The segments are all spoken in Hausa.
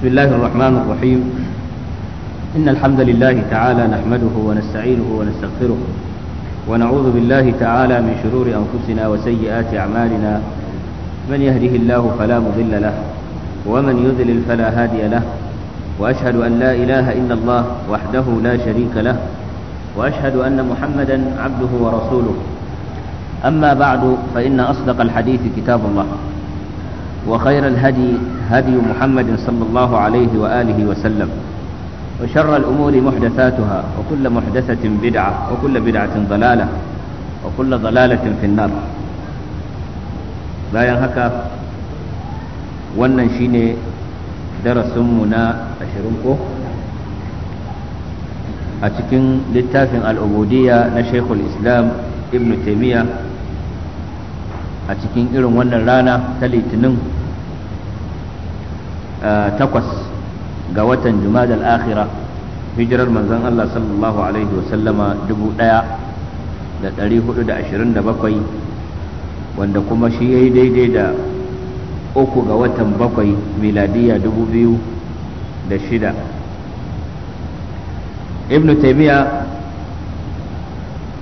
بسم الله الرحمن الرحيم إن الحمد لله تعالى نحمده ونستعينه ونستغفره ونعوذ بالله تعالى من شرور أنفسنا وسيئات أعمالنا من يهده الله فلا مضل له ومن يذلل فلا هادي له وأشهد أن لا إله إلا الله وحده لا شريك له وأشهد أن محمدا عبده ورسوله أما بعد فإن أصدق الحديث كتاب الله وخير الهدي هدي محمد صلى الله عليه وآله وسلم وشر الأمور محدثاتها وكل محدثة بدعة وكل بدعة ضلالة وكل ضلالة في النار بايا هكا وننشيني درس منا أشرنكو للتافن العبودية نشيخ الإسلام ابن تيمية أتكن إلو من رانا Eh, takwas ga watan jumada al-akhira hijirar manzon Allah sallallahu alaihi wa dubu ɗaya da ɗari hudu da ashirin da bakwai wanda kuma shi ya yi daidai da uku ga watan bakwai miladiya dubu biyu da shida ibn taimiyya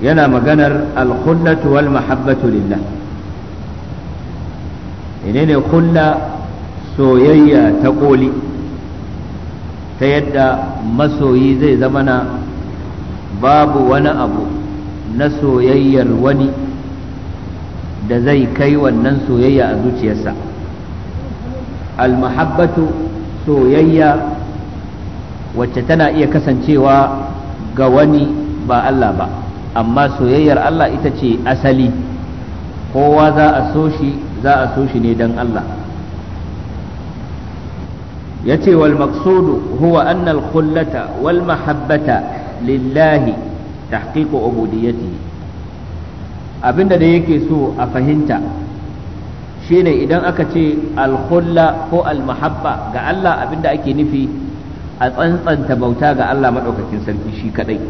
yana maganar alkhullatu wal mahabbatu lillah menene khulla soyayya ta koli ta yadda masoyi zai zama na babu wani abu na soyayyar wani da zai kai wannan soyayya a zuciyarsa almahabbatu soyayya wacce tana iya kasancewa ga wani ba Allah ba amma soyayyar Allah ita ce asali kowa za a so shi za a so shi ne don Allah yace wal maqsudu huwa anna al khullata lillahi tahqiqu abinda da yake so a fahimta shine idan aka ce al ko al ga Allah abinda ake nufi a tsantsanta bauta ga Allah madaukakin sarki shi kadai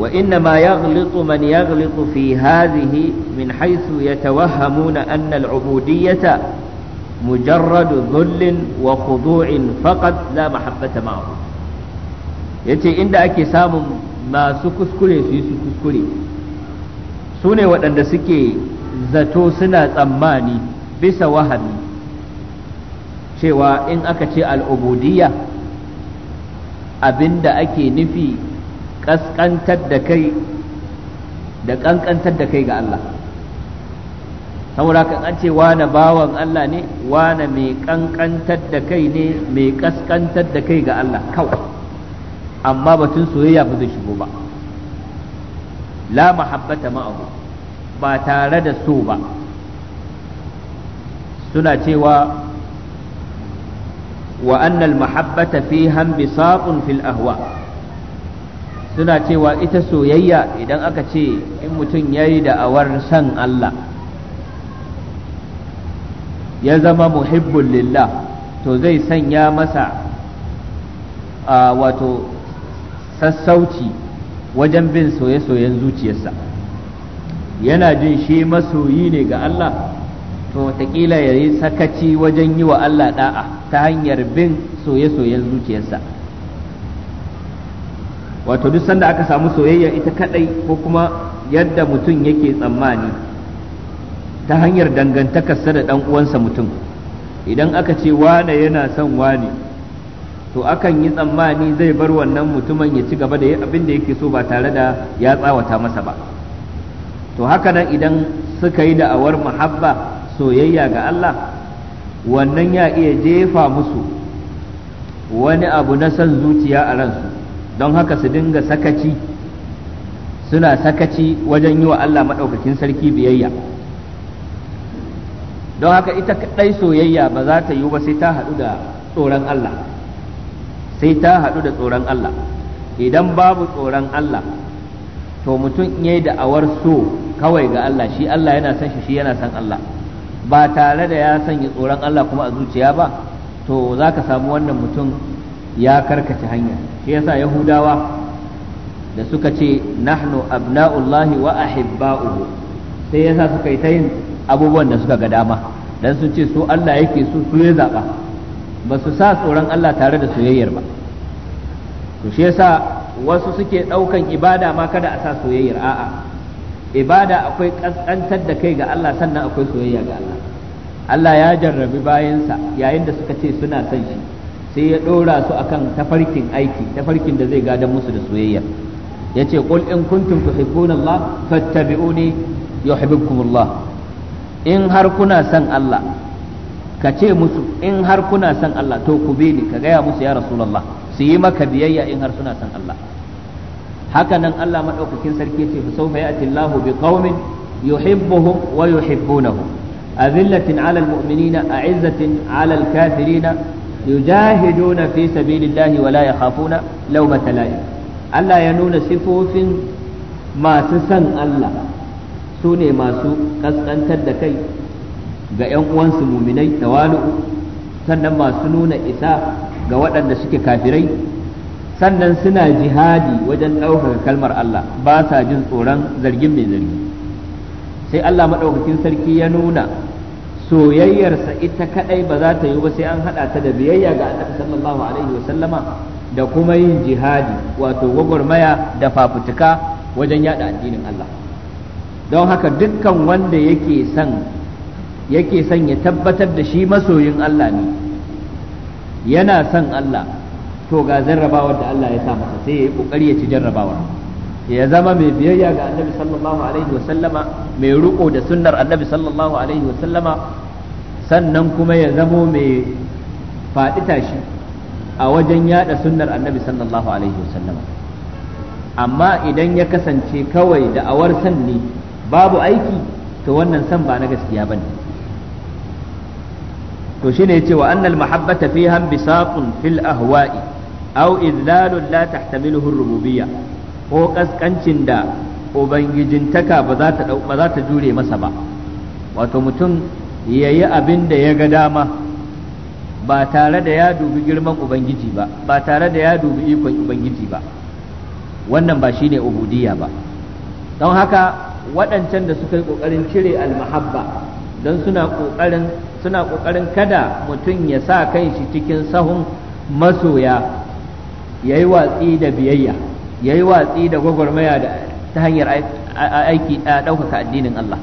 وإنما يغلط من يغلط في min haisu ya يتوهمون أن ubudiyyata mujarradu dhullin wa khudu'in faqat la mahabbata yace inda ake samun masu kuskure su yi su kuskure su ne waɗanda suke zato suna tsammani bisa wahami cewa in aka ce al'ubudiyya abinda ake nufi ƙasƙantar da kai da ƙanƙantar da kai ga Allah saboda kan an ce wane bawan Allah ne wane mai kankantar da kai ne mai kaskantar da kai ga Allah kawai amma batun soyayya ba zai shigo ba la mahabbata ma'ahu ba tare da so ba suna cewa wa annal mahabbata fi hanbi saqun fil ahwa' suna cewa ita soyayya idan aka ce in mutum ya yi da'awar san Allah ya zama muhibbul lillah to zai sanya masa a wato sassauci wajen bin soye-soyen zuciyarsa yana jin shi masoyi ne ga Allah to watakila ya yi sakaci wajen yi wa Allah da'a ta hanyar bin soye-soyen zuciyarsa wato duk sanda aka samu soyayya ita kadai ko kuma yadda mutum yake tsammani ta hanyar dangantakarsa da ɗan uwansa mutum idan aka ce wane yana son wane to akan yi tsammani zai bar wannan mutumin ya ci gaba da abin da yake so ba tare da ya tsawata masa ba to haka nan idan suka yi da awar muhabba soyayya ga Allah wannan ya iya jefa musu wani abu na son zuciya a ransu don haka su dinga sakaci suna sakaci wajen yi wa Allah maɗaukakin sarki biyayya don haka ita kadai soyayya ba za ta yiwu ba sai ta haɗu da tsoron Allah sai ta haɗu da tsoron Allah idan babu tsoron Allah to mutum ya da awar so kawai ga Allah shi Allah yana son shi shi yana son Allah ba tare da ya sanya tsoron Allah kuma a zuciya ba to za ka samu wannan mutum ya karkace hanya shi yasa yahudawa da suka ce nahnu abna'ullahi wa ahibba'uhu sai yasa suka yi ta yin abubuwan da suka ga dama dan sun ce su Allah yake so su ya zaba ba su sa tsoron Allah tare da soyayyar ba to shi yasa wasu suke ɗaukan ibada ma kada a sa soyayyar a'a ibada akwai ƙasƙantar da kai ga Allah sannan akwai soyayya ga Allah Allah ya jarrabi bayansa yayin da suka ce suna son shi sai ya ɗora su akan tafarkin aiki tafarkin da zai gada musu da soyayya yace ce qul in kuntum tuhibbuna Allah fattabi'uni yuhibbukum Allah in har kuna son Allah ka ce musu in har kuna son Allah to ku bi ni ka gaya musu ya rasulullah su yi maka biyayya in har suna son Allah haka nan Allah madaukakin sarki ce fa sawfa ya'ti Allahu bi qaumin yuhibbuhum wa yuhibbunahu azillatin 'alal mu'minina a'izzatin 'alal kafirina yujahiduna fi sabilillahi wa la yakhafuna lawmata la'im Allah ya nuna sifofin masu son Allah su ne masu kaskantar da kai ga 'yan uwansu muminai tawalu sannan masu nuna isa ga waɗanda suke kafirai sannan suna jihadi wajen ɗaukaka kalmar Allah ba sa jin tsoron zargin mai zargi sai Allah maɗaukakin sarki ya nuna soyayyarsa ita kaɗai ba za ta yi ba sai an haɗa ta da biyayya ga annabi sallallahu alaihi wasallama da kuma yin jihadi wato gwagwarmaya da fafutuka wajen yada addinin Allah don haka dukkan wanda yake son yake son ya tabbatar da shi masoyin Allah ne yana son Allah to ga jarrabawar da Allah ya sa masa sai ya yi kokari ya ci jarrabawar ya zama mai biyayya ga annabi sallallahu alaihi wa sallama, mai riko da sunnar annabi sallallahu alaihi wa sallama, sannan kuma ya zamo mai faɗi tashi a wajen yada sunnar annabi sallallahu alaihi wa sallama, amma idan ya kasance kawai da awar sanni babu aiki to wannan san ba na gaskiya bane to shine yace wa annal mahabbata fiha bisaqun fil ahwa'i aw idlalun la tahtamiluhu rububiyya ko kaskancin da taka ba za ta ba za ta jure masa ba wato mutum yayi abin da ya ga dama ba tare da ya dubi girman ubangiji ba ba tare da ya dubi ikon ubangiji ba wannan ba shine ubudiyya ba don haka waɗancan da suka yi ƙoƙarin cire almahabba don suna ƙoƙarin suna ƙoƙarin kada mutum ya sa shi cikin sahun masoya ya yi watsi da biyayya ya yi watsi da gwagwarmaya ta hanyar aiki a ɗaukaka addinin Allah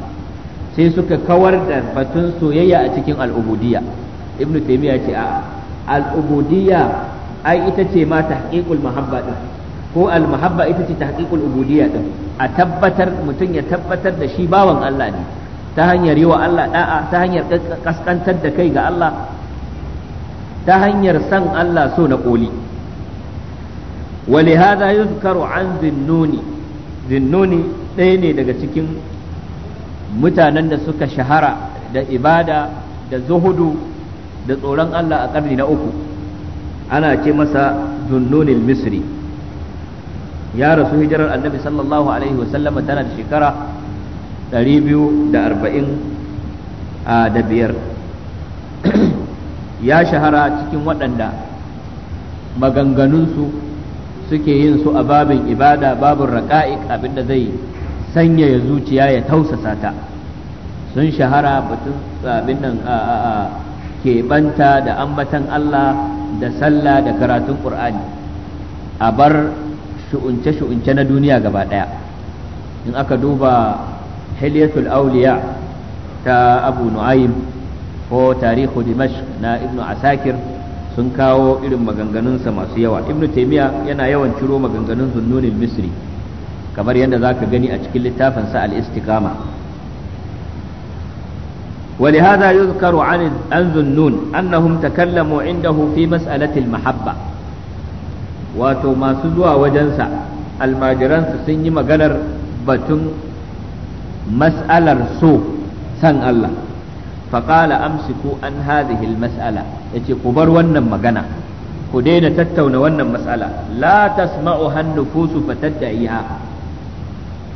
sai suka kawar da batun soyayya a cikin al'ubudiyya ibnu taimiyya ce a al'ubudiyya ai ita ce ma tahqiqul mahabba din ko almahabba ita ce tahqiqul ubudiyya din a tabbatar mutum ya tabbatar da shi bawan Allah ne ta hanyar yi wa Allah da'a ta hanyar kaskantar da kai ga Allah ta hanyar san Allah so na koli ولهذا يذكر عن ذنوني ذنوني ɗaya ne daga cikin mutanen da suka shahara da ibada da zuhudu da tsoron Allah a ƙarni na uku ana ce masa zunnunin misri ya rasu hijirar annabi sallallahu alaihi wasallama tana da shekara 245 ya shahara cikin waɗanda maganganunsu suke yin su a babin ibada babin raƙa'iƙ abinda zai sanyaya zuciya ya tausasa ta sun shahara batun abin nan keɓanta da ambatan Allah da sallah da karatun ƙur'ani a bar shu'unce-shu'unce na duniya gaba ɗaya in aka duba hilyatul auliya ta abu nu'ayim ko tarihu dimashq na ibnu asakir sun kawo irin maganganunsa masu yawa ibnu taimiya yana yawan ciro maganganun zunnunin misri kamar yadda za ka gani a cikin littafinsa al-istiqama ولهذا يذكر عن عن ذنون أنهم تكلموا عنده في مسألة المحبة wato masu zuwa wajensa almajiransu sun yi maganar batun mas'alar so san Allah faƙala amsiku an hadhihi mas'ala yace ku bar wannan magana ku daina tattauna wannan mas'ala la tasma'u hannufusu fatadda'iha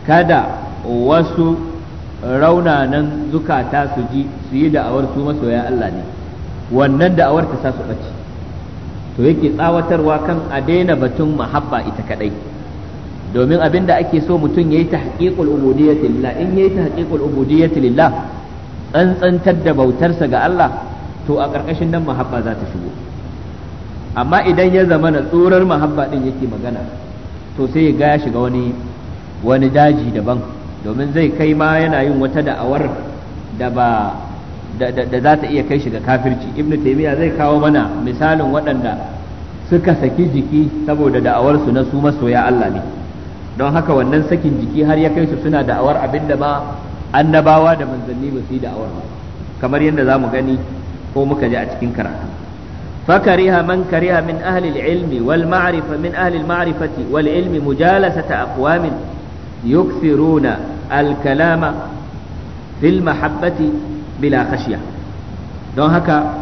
kada wasu raunanan zukata su ji su yi da'awar su masoya Allah ne wannan da'awar ta sa su ɓace to yake tsawatarwa kan a daina batun mahabba ita kadai domin abin da ake so mutum ya yayi tahqiqul ubudiyyati lillah in ya yayi tahqiqul ya lillah tsantsantar da bautarsa ga Allah to a ƙarƙashin nan mahabba za ta shigo amma idan ya zama na tsorar mahabba din yake magana to sai ya ga ya shiga wani wani daji daban domin zai kai ma yana yin wata da'awar da ba da za ta iya kai shi ga kafirci ibnu taymiya zai kawo mana misalin waɗanda suka saki jiki saboda da'awarsu na su masoya Allah ne don haka wannan sakin jiki har ya kai su suna da'awar abin da ba annabawa da manzanni ba su yi da'awar ba kamar yadda za mu gani ko muka ji a cikin karatu فكره من كره من أهل العلم والمعرفة من أهل المعرفة والعلم مجالسة أقوام يكثرون الكلام في المحبة bila khashiya don haka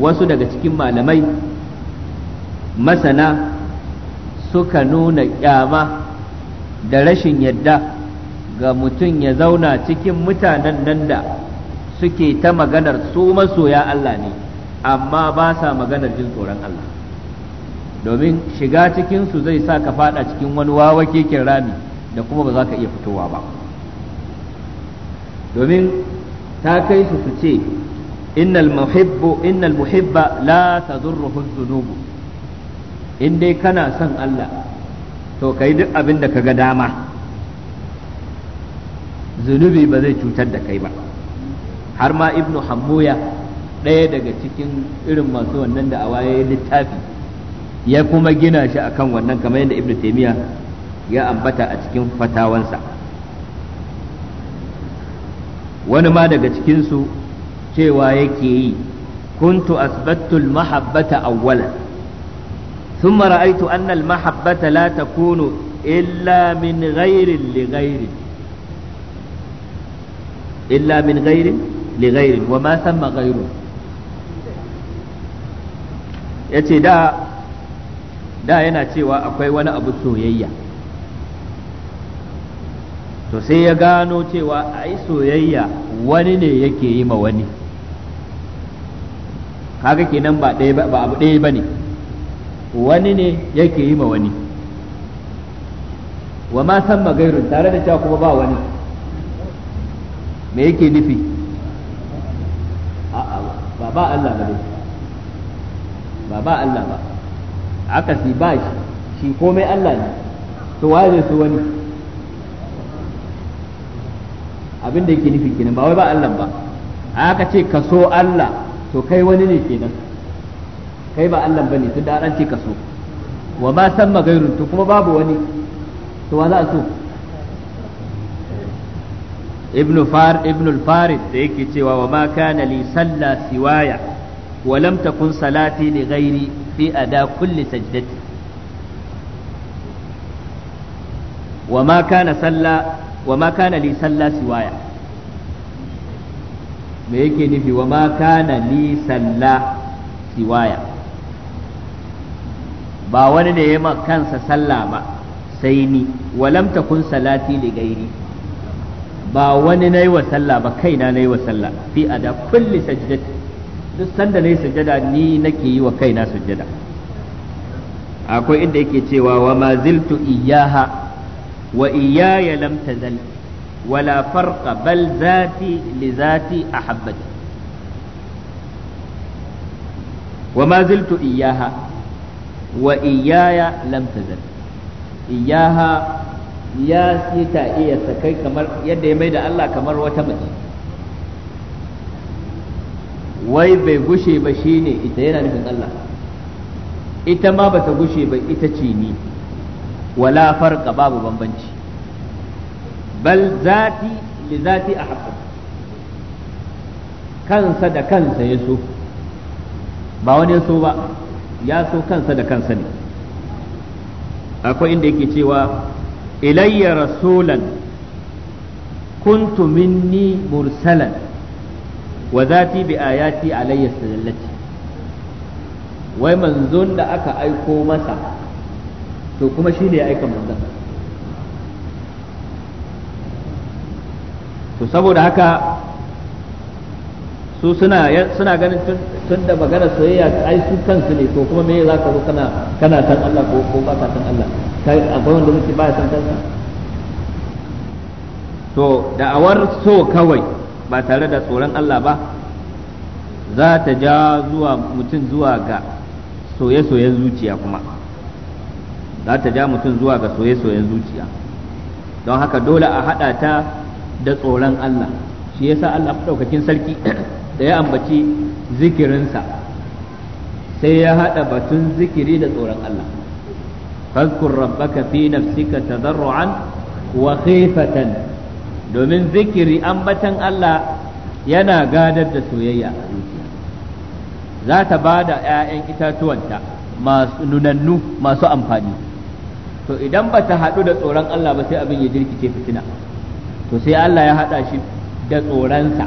wasu daga cikin malamai masana suka nuna kyama da rashin yadda ga mutum ya zauna cikin mutanen nan da suke ta maganar su masoya Allah ne amma ba sa maganar jin tsoron Allah domin shiga cikinsu zai sa ka fada cikin wani wawa keken rami da kuma ba za ka iya fitowa ba domin ta kai su su ce innal muhibba la tadurruhu dhunubu in dai kana son Allah to kai duk abin da kaga dama zunubi ba zai cutar da kai ba har ma ibnu hammuya ɗaya daga cikin irin masu wannan da awaye littafi ya kuma gina shi akan wannan kamar yadda ibnu taimiya ya ambata a cikin fatawansa wani ma daga cikinsu cewa yake yi kuntu asbattul mahabbata awwalan ثم رأيت أن المحبة لا تكون إلا من غير لغير إلا من غير لغير وما ثم غيره yace da da yana cewa akwai wani abu soyayya to sai ya gano cewa ai soyayya wani ne yake yi ma wani kaga kenan ba ɗaya ba abu bane wani ne yake yi ma wani wa ma san magairun tare da cewa kuma ba wani me yake nufi a'a ba ba Allah ba ba ba Allah ba aka si ba shi shi komai Allah ne to waje su wani abin da yake nufi kenan ba wai ba Allah ba haka ce kaso Allah to kai wani ne kenan kai ba Allah bane tun da an ce ka so wa ma san magairun to kuma babu wani to wa za a so ibn far ibn al da yake cewa wa ma kana li salla siwaya wa lam takun salati li gairi fi ada kulli sajdati wa ma wa ma kana li salla siwaya me yake nufi wa ma kana li salla siwaya ba wani da ya ma kansa salla ba sai ni walam takun salati li gairi ba wani nayi wa salla ba kaina nayi wa salla fi ada kulli sajdati duk sanda nayi sujada ni nake yi wa kaina sujada akwai inda yake cewa wa ma ziltu iyaha wa iyaya lam tazal wala farqa bal zati li zati ahabbati wa ma ziltu iyaha wa iyaya lam tazal iyaha ya ta iya sakai kamar yadda ya maida Allah kamar wata wai bai gushe ba shine ita yana nufin Allah ita ma bata gushe ba ita ce ni wala farqa babu bambanci bal zati li zati ahqqu kansa da kansa ya so ba wani ya so ba ya so kansa da kansa ne akwai inda yake cewa ilayya rasulan kuntu minni mursalan wa zati bi ayati alayya sallati wai manzon da aka aiko masa to kuma shi ne ya aika manzon to saboda haka su suna suna ganin tun da magana soyayya ai su kansu ne to kuma me za ka zo kana kana san Allah ko ko ba ka san Allah kai akwai wanda muke ba san kansa to da'awar so kawai ba tare da tsoron Allah ba za ta ja zuwa mutum zuwa ga soye-soyen zuciya kuma za ta ja mutum zuwa ga soye-soyen zuciya don haka dole a haɗa ta da tsoron Allah shi yasa Allah ɗaukakin sarki da ya ambaci zikirinsa sai ya haɗa batun zikiri da tsoron Allah fazkur rabbaka fi nafsika tadarruan wa khifatan domin zikiri ambatan Allah yana gadar da soyayya a zuciya za ta ba da 'ya'yan itatuwanta masu nunannu masu amfani to idan ba ta haɗu da tsoron Allah ba sai abin ya jirkice fitina to sai Allah ya haɗa shi da tsoronsa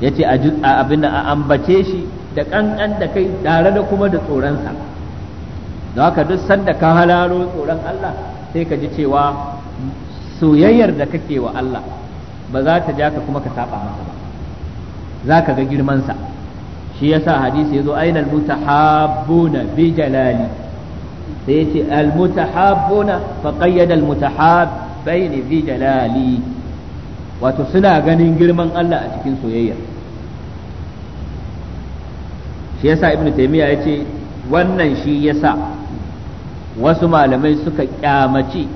ya ce a abin a ambace shi da ƙanƙan da kai tare da kuma da tsoronsa da haka duk sanda ka halaro tsoron Allah sai ka ji cewa soyayyar da kake wa Allah ba za ta ja ka kuma ka saba masa ba za ka ga girmansa shi yasa hadisi ya zo ainal mutahabbuna bi jalali sai ya ce almutahabbuna fa qayyada almutahabbaini fi jalali wato suna ganin girman Allah a cikin soyayya shi yasa ibn taymiya ya ce wannan shi yasa wasu malamai suka kyamaci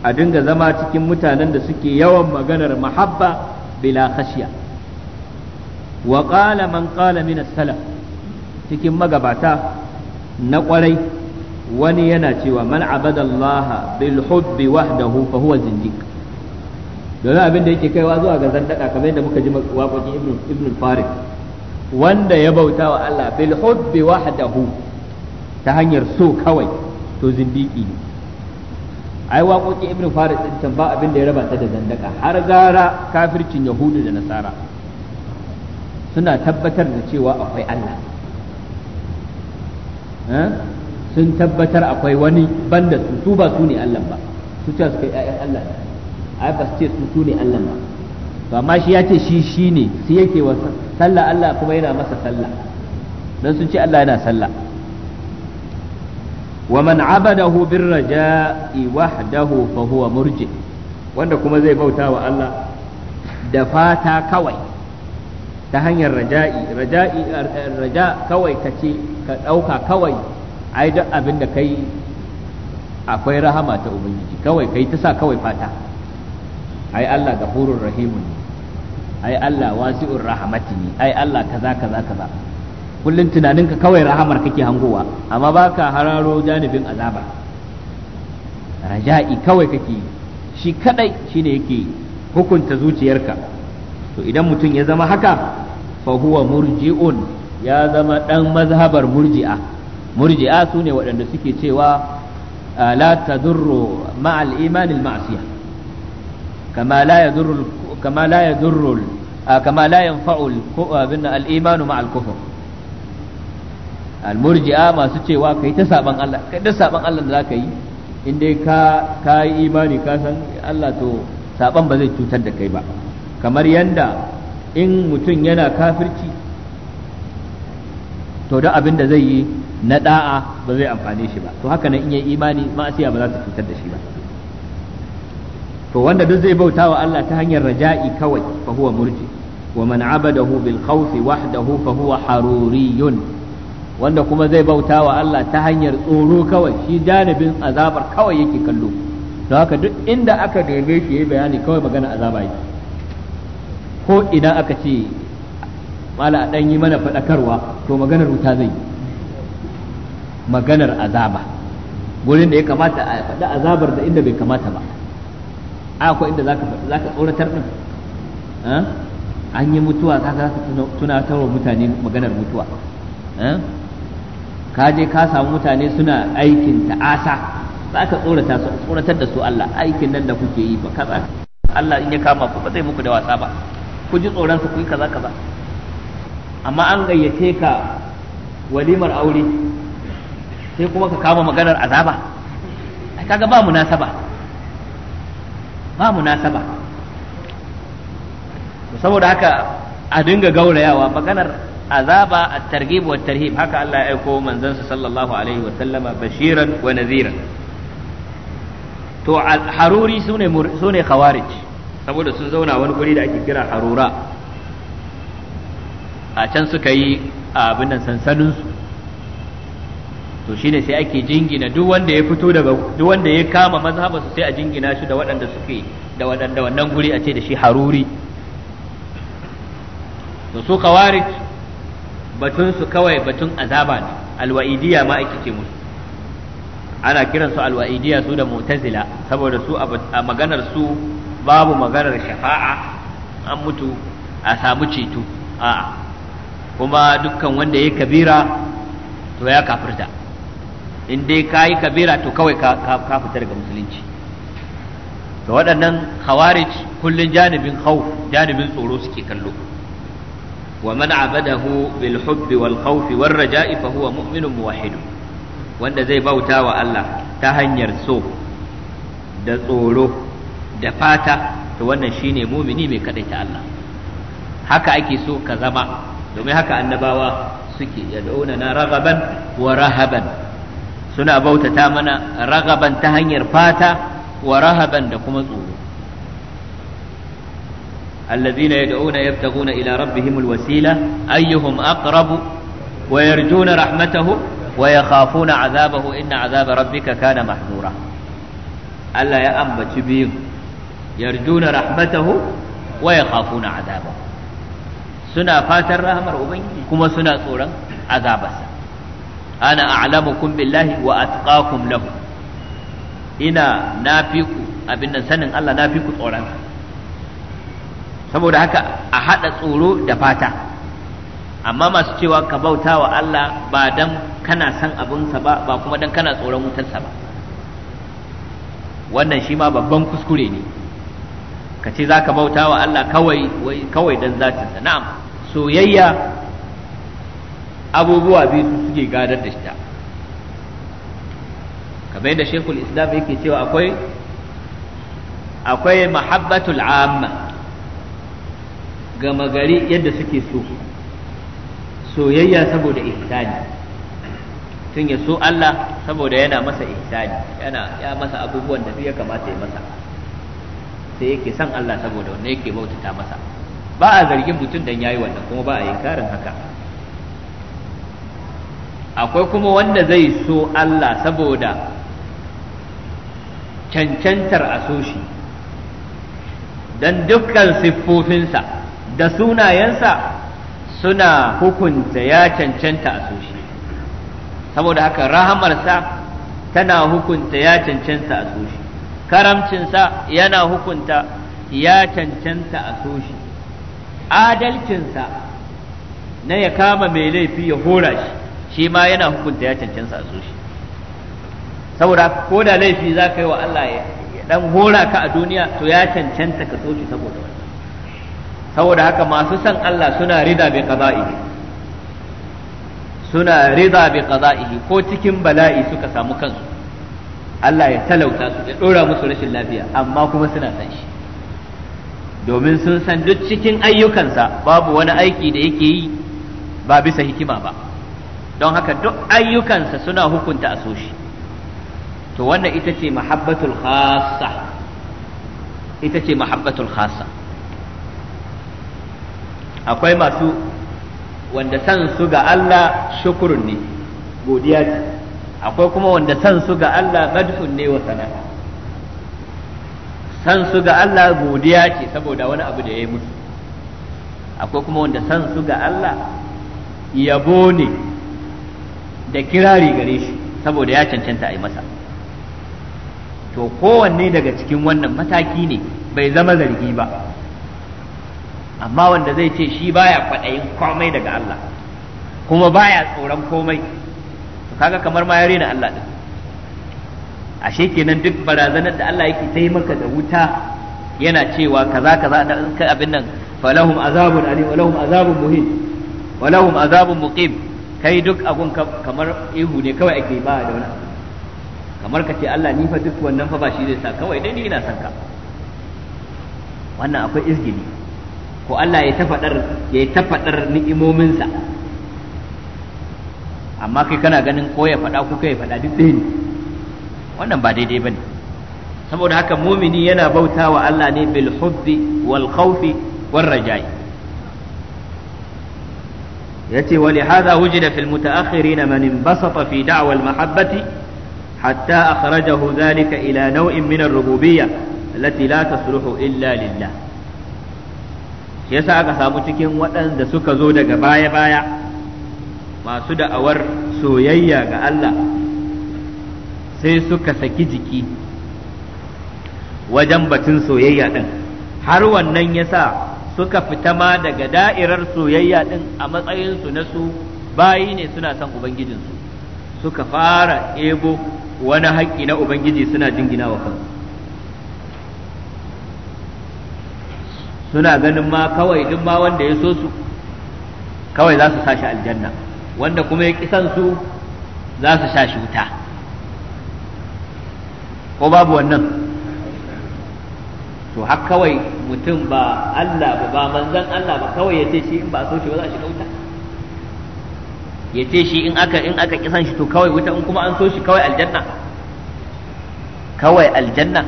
a dinga zama cikin mutanen da suke yawan maganar mahabba bila khashiya wa qala man qala min as-salaf cikin magabata na kwarai wani yana cewa man abadallaha bil hubbi wahdahu fa huwa zindiq domin abin da yake kaiwa zuwa ga zandaka kamar yadda muka ji waƙoƙin ibn ibn farid wanda ya bauta wa Allah bil hubbi wahdahu ta hanyar so kawai to zindiki ne ai waƙoƙin ibn farid din can ba abin da ya raba ta da zandaka har gara kafircin yahudu da nasara suna tabbatar da cewa akwai Allah eh? sun tabbatar akwai wani banda su su ba su ne Allah ba su ce su kai Allah ai ba su ce su su ne Allah ba to amma shi ya ce shi shi ne su yake wa sallah Allah kuma yana masa sallah dan sun ce Allah yana sallah wa man abadahu birraja'i wahdahu fa huwa murji wanda kuma zai bauta wa Allah da fata kawai ta hanyar raja'i raja'i raja kawai kace ka ɗauka kawai ai duk abin da kai akwai rahama ta ubangiji kawai kai ta sa kawai fata ai Allah gafurur rahimun ne ai Allah wasi'ur rahamati ne ai Allah kaza kaza kaza kullun tunaninka kawai rahamar kake hangowa amma baka hararo janibin azaba raja'i kawai kake shi kadai shine yake hukunta zuciyarka to idan mutum ya zama haka fa huwa murji'un ya zama dan mazhabar murji'a murji'a su ne waɗanda suke cewa ah, la tadurru ma'al iman al ma'siyah kama la yadurru kama la yadurru ah, kama la yanfa'u al iman ma'al kufr al murji'a masu cewa kai ta saban Allah kai ta saban Allah da zaka yi in dai ka ka yi imani ka san Allah to saban ba zai cutar da kai ba kamar yanda in mutum yana kafirci to da abin da zai yi na da'a ba zai amfane shi ba to haka nan in yi imani ma'asiya ba za ta cutar da shi ba to wanda duk zai bauta wa Allah ta hanyar raja'i kawai fa huwa murji wa man abadahu bil khawfi wahdahu fa huwa haruriyun wanda kuma zai bauta wa Allah ta hanyar tsoro kawai shi janibin azabar kawai yake kallo to haka duk inda aka neme shi yayi bayani kawai magana azaba yake ko idan aka ce mala dan yi mana fadakarwa to maganar wuta zai yi maganar azaba gurin da ya kamata a faɗi azabar da inda bai kamata ba a akwai inda ka faɗi ka tsoratar ɗin eh? an yi mutuwa za ka tunatar wa mutane maganar mutuwa eh? ka je ka samu mutane suna aikin ta'asa za ka tsorata su tsoratar da su Allah aikin nan da kuke yi ba za Allah in ya kama ku ba zai muku da wasa ba ku ji tsoron su ku yi kaza kaza amma an gayyace ka walimar aure sai kuma ka kama maganar azaba kaga ba munasaba ba munasaba saboda haka a dinga gaurayawa maganar azaba a targhib wa tarhib haka Allah ya aiko manzansa sallallahu alaihi wa sallama bashiran wa nadhiran to haruri sune sune khawarij saboda sun zauna wani guri da ake kira harura a can suka yi abin nan sansaninsu to ne sai ake jingina duk wanda ya fito daga duk wanda ya kama su sai a jingina shi da waɗanda suke da waɗanda wannan guri a ce da shi haruri to su kawarij batun su kawai batun azaba ne alwa'idiyya ma ake ce musu ana kiran su alwa'idiyya su da mu'tazila saboda su a maganar su babu maganar shafa'a an mutu a samu ceto a'a kuma dukkan wanda ya kabira to ya kafirta in dai ka yi kabira to kawai ka fita daga musulunci Da waɗannan khawarij kullun janibin khawf janibin tsoro suke kallo wa man abadahu bil hubbi wal khawfi war raja'i fa huwa mu'minun muwahhid wanda zai bauta wa Allah ta hanyar so da tsoro da fata to wannan shine mumini mai ta Allah haka ake so ka zama domin haka annabawa suke yad'una na ragaban wa rahaban suna bautata mana ragaban ta hanyar fata wa rahaban da kuma tsoro allazina yad'una yabtaguna ila rabbihim alwasila ayyuhum aqrabu wa yarjuna rahmatahu wa yakhafuna azabahu inna azaba rabbika kana mahdura Allah ya ambaci biyu yarjuna rahmatahu wa yakhafuna azabahu suna fatan rahmar ubangiji kuma suna tsoron azabarsa ana a'lamukum billahi wa atqakum lahu ina nafiku abin nan sanin Allah nafiku tsoron saboda haka a haɗa tsoro da fata amma masu cewa ka bauta wa Allah ba dan kana san abinsa ba ba kuma dan kana tsoron wutarsa ba wannan shi ma babban kuskure ne ka ce za ka bauta wa Allah kawai kawai zatinsa na'am soyayya abubuwa biyu su suke gadar da shida kamar da shekul islam yake cewa akwai akwai mahabbatul amma gama gari yadda suke so soyayya saboda ihsani tun ya so Allah saboda yana masa ihsani yana ya masa abubuwan da ya kamata ya masa sai yake son Allah saboda wannan yake bautata masa ba a zargin mutum dan yayi wannan kuma ba a karin haka akwai kuma wanda zai so Allah saboda cancantar a so shi don dukkan siffofinsa da sunayensa suna hukunta ya cancanta a so shi saboda haka rahamarsa tana hukunta ya cancanta a so shi karamcinsa yana hukunta ya cancanta a so shi adalcinsa na ya kama mai laifi ya hora shi shi ma yana hukunta ya cancansa a zuci saboda ko da laifi za ka yi wa Allah ya dan hora ka a duniya to ya cancanta ka soci saboda wannan saboda haka masu san Allah suna rida bi qada'ihi suna rida bi qada'ihi ko cikin bala'i suka samu kansu Allah ya talauta su ya dora musu rashin lafiya amma kuma suna san shi domin sun san duk cikin ayyukansa babu wani aiki da yake yi ba bisa hikima ba don haka duk ayyukansa suna hukunta a so shi to wannan ita ce mahabbatul khassa ita ce mahabbatul khassa akwai masu wanda san su ga Allah shukurun ne godiya ce akwai kuma wanda san su ga Allah madhun ne wa sana'a san su ga Allah godiya ce saboda wani abu da ya yi musu akwai kuma wanda san su ga Allah yabo ne da kirari gare shi saboda ya cancanta a yi masa to kowanne daga cikin wannan mataki ne bai zama zargi ba amma wanda zai ce shi baya kwaɗayin komai daga Allah kuma baya tsoron komai to kaga kamar ma ya rena Allah din ashe kenan duk barazanar da Allah yake sai maka da wuta yana cewa kaza kaza da abin nan falahum azabun ali walahum azabun muhin walahum azabun muqim kai duk abun kamar ihu ne kawai ake ba da wani kamar ka ce Allah ni fa duk wannan fa ba shi zai sa kawai dai ni ina son ka wannan akwai izgili ko Allah ya tafadar ya tafadar sa amma kai kana ganin ko ya faɗa ko kai ya faɗa duk dai ne wannan ba daidai bane saboda haka mumini yana bautawa Allah ne bil hubbi wal khawfi war raja'i yace wa li hadha wujida fil mutaakhirin man inbasata fi da'wa al mahabbati hatta akhrajahu dhalika ila nau'in min ar rububiyyah allati la illa lillah shi yasa aka samu cikin waɗanda suka zo daga baya baya masu da'awar soyayya ga Allah sai suka saki jiki wajen batun soyayya ɗin har wannan ya sa suka fita ma daga da'irar soyayya din a matsayinsu na su bayi ne suna son ubangijinsu suka fara ebo wani haƙƙi na ubangiji suna jingina wa kansu suna ganin ma kawai duk ma wanda ya so su kawai za su sashi aljanna wanda kuma ya kisan su za su sashi wuta ko babu wannan to har kawai mutum ba Allah ba ba manzon Allah ba kawai ya ce shi in ba so shi ba za a shiga wuta ya ce shi in aka in aka kisan shi to kawai wuta in kuma an so shi kawai aljanna kawai aljanna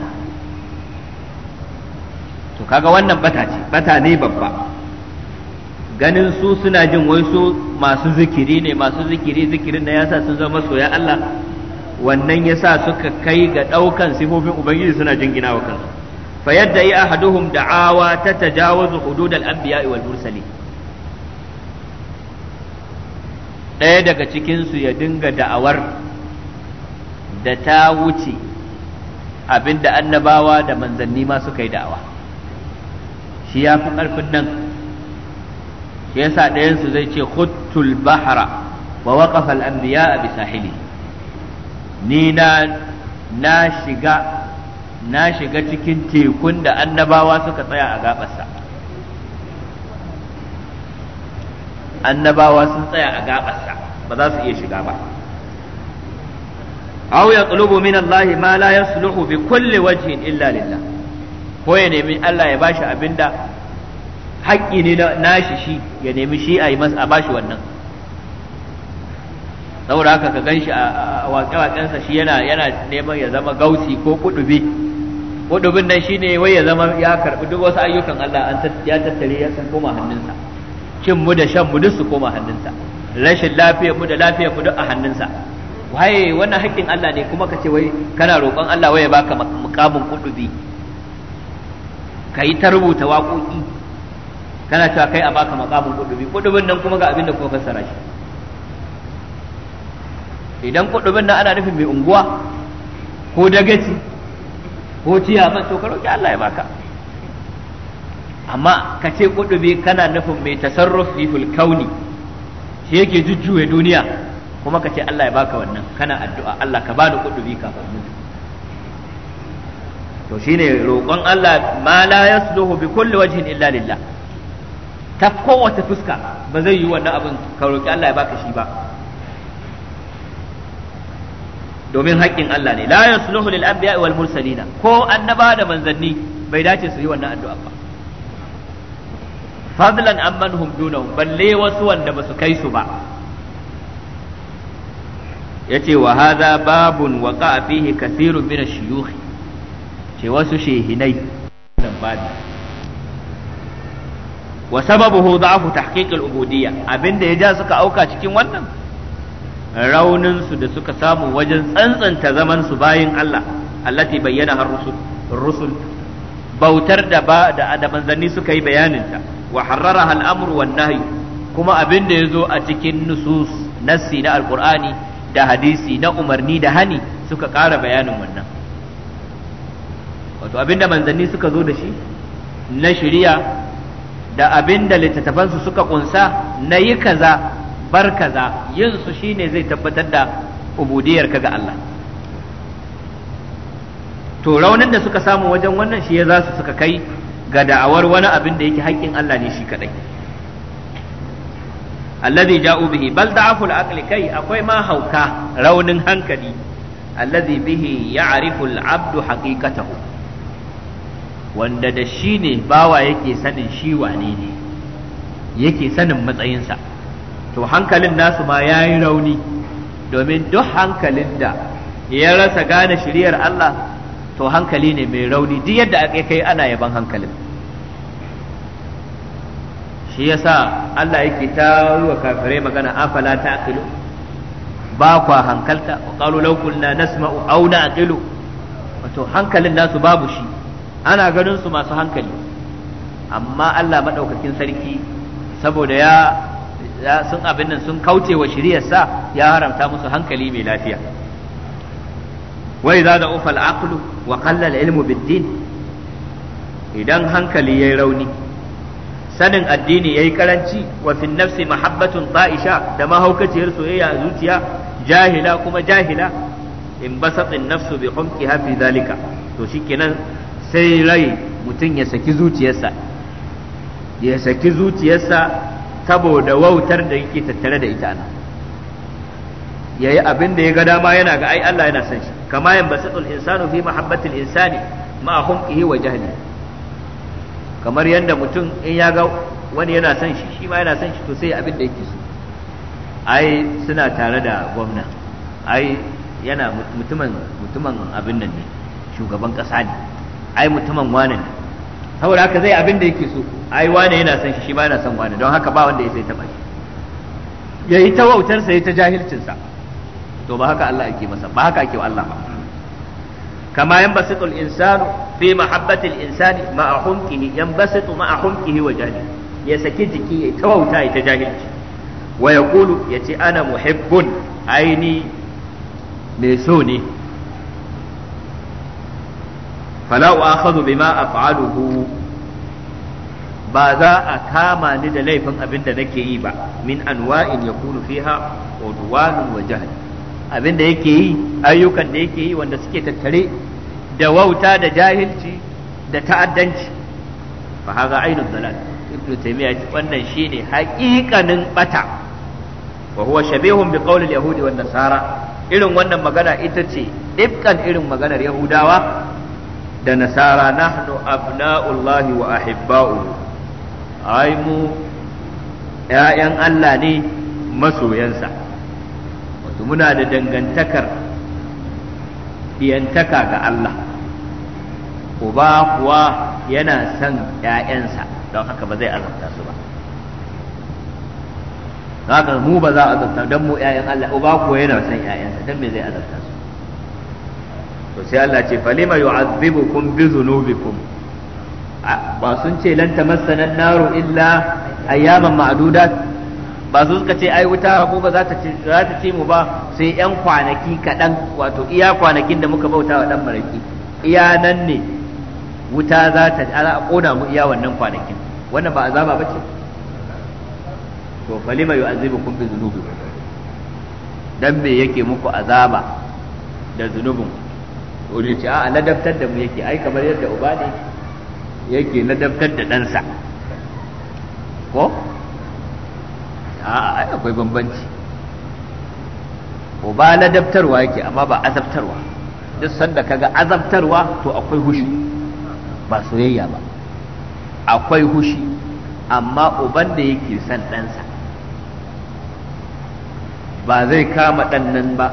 to kaga wannan bata ce bata ne babba ganin su suna jin wai su masu zikiri ne masu zikiri zikirin da yasa sun zama soya Allah wannan yasa suka kai ga ɗaukan sifofin ubangiji suna jingina wa kansu fa yadda yi ahaduhum da'awa ta tajawazu hudud anbiya ɗaya daga cikin su ya dinga da'awar da ta wuce abinda annabawa da manzanni ma suka yi da'awa shi ya fi ƙarfin nan shi sa ɗayansu zai ce khuttul bahra wa waqafa a anbiya bi ni na na shiga na shiga cikin tekun da annabawa suka tsaya a gabarsa annabawa sun tsaya a gabarsa ba za su iya shiga ba aw yatlubu min Allah ma la yasluhu bi kulli wajhin illa lillah ko ya nemi Allah ya bashi abinda haƙƙi ne na shi ya nemi shi a yi masa a bashi wannan saboda haka ka ganshi a waƙe-waƙensa shi yana yana neman ya zama gausi ko kudube hudubin nan shine wai ya zama ya karbi duk wasu ayyukan Allah an ya tattare ya san koma hannunsa cin mu da shan mu duk su koma hannunsa rashin lafiyar mu da lafiyar mu duk a hannunsa waye wannan haƙƙin Allah ne kuma ka ce wai kana roƙon Allah wai ya baka mukamin hudubi kai ta rubuta waƙoƙi kana cewa kai a baka mukamin hudubi hudubin nan kuma ga abin da kuma fassara shi idan kudubin nan ana nufin mai unguwa ko dagaci ko ban to ka roki Allah ya baka amma ka ce kudubi kana nufin mai fi fil kauni shi yake jujjuya duniya kuma ka ce Allah ya baka wannan kana addu'a Allah ka bani kudubi kafin mutu to shine roƙon Allah ma la yasluhu bi kulli wajhin illa lillah ta kowace fuska ba zai yi wannan abin ka roƙi Allah ya baka shi ba domin haƙƙin Allah ne la yasluhu lil anbiya wal mursalina ko annaba da manzanni bai dace su yi wannan addu'a ba fadlan amman hum dunahum balle wasu wanda basu kai su ba yace wa hadha babun waqa'a fihi kathirun min ash-shuyukh ce wasu shehinai nan babu wa sababuhu da'fu tahqiq al-ubudiyya abinda ya ja suka auka cikin wannan Rauninsu da suka samu wajen tsantsanta zaman su bayin Allah allati bayyana har rusul bautar da ba da manzanni suka yi bayaninta wa harrara amru wan nahyi kuma abin da yazo a cikin nusus nassi na alqur'ani da hadisi na umarni da hani suka ƙara bayanin wannan wato abin da manzanni suka zo da shi na shari'a da abin da littattafansu suka kunsa na yi kaza bar kaza yin su shine zai tabbatar da ubudiyar ka ga Allah to raunin da suka samu wajen wannan shi ya za su suka kai ga da'awar wani abin da yake haƙƙin Allah ne shi kadai allazi ja'u bihi bal da'aful aqli kai akwai ma hauka raunin hankali allazi bihi ya'rifu al'abdu abdu haqiqatahu wanda da shi ne bawa yake sanin shi wane ne yake sanin matsayinsa to hankalin nasu ma ya yi rauni domin duk hankalin da ya rasa gane shiriyar Allah to hankali ne mai rauni duk yadda aka kai ana yaban hankalin shi yasa Allah yake ta ruwa kafirai magana afala taqilu ba kwa hankalta qalu law kunna nasma'u aw naqilu wato hankalin nasu babu shi ana ganin su masu hankali amma Allah madaukakin sarki saboda ya ya sun abin nan sun kauce wa shiriyar sa ya haramta musu hankali mai lafiya Wai za da ufal aqlu wa qalla al ilmu bid-din idan hankali yayi rauni sanin addini yayi karanci wa fi nafsi mahabbatun ta'isha da mahaukaciyar soyayya a zuciya jahila kuma jahila in basatin nafsu bi humqiha fi zalika to shikenan sai rai mutum ya saki zuciyarsa ya saki zuciyarsa saboda wautar da yake tattare da ita ana yayi abin da ya ga dama yana ga ai Allah yana son shi kama yan basatul insanu fi mahabbatil insani ma humqihi wa jahli kamar yanda mutum in ya ga wani yana son shi shi ma yana son shi to sai abin da yake so ai suna tare da gwamna ai yana mutumin mutumin abin nan ne shugaban kasa ne ai mutumin wane ne saboda haka zai abin da yake so ai wane yana son shi shi ma yana son wane don haka ba wanda ya sai taba shi yayi ta wautar sa ta jahilcin sa to ba haka Allah ake masa ba haka ake wa Allah ba kama yanbasitu al-insanu fi mahabbati al-insani ma'a humkihi yanbasitu ma'a humkihi wa jahli ya saki jiki ya ta wauta ya ta jahilci wa yaqulu yace ana muhibbun aini me so ne fala u'akhadhu bima af'aluhu ba za a kama ni da laifin abin da nake yi ba min anwa'in yakunu fiha udwanun wa jahl abin da yake yi ayyukan da yake yi wanda suke tattare da wauta da jahilci da ta'addanci fa haza ainul dalal ibnu taymiya ce wannan shine haƙiƙanin bata wa huwa shabihun bi qawli yahudi wan nasara irin wannan magana ita ce dukkan irin maganar yahudawa da nasara nahnu abna'ullahi wa ahibba'uhu ai mu ‘ya'yan Allah ne masoyansa wato muna da dangantakar iyantaka ga Allah uba kuwa yana son ‘ya'yansa don haka ba zai azabta su ba haka mu ba za a azabta don mu ‘ya'yan Allah uba kuwa yana son ‘ya'yansa don me zai azabta su to sai Allah ce falima yu'azzibukum bi dhunubikum ba sun ce lan tamassana naru illa ayyaman ma'dudat ba su suka ce ai wuta ko ba za ta ce mu ba sai yan kwanaki kaɗan wato iya kwanakin da muka bauta wa dan maraki iya nan ne wuta za ta a koda mu iya wannan kwanakin wannan ba azaba bace to falima yu'azzibukum bi dhunubikum dan me yake muku azaba da zunubinku wani ce a ladabtar da mu yake ai kamar yadda uba ne yake ladabtar da ɗansa ko a ai akwai bambanci uba ladabtarwa yake amma ba azabtarwa duk sanda kaga azabtarwa to akwai hushi ba soyayya ba akwai hushi amma uban da yake son ɗansa ba zai kama ɗan nan ba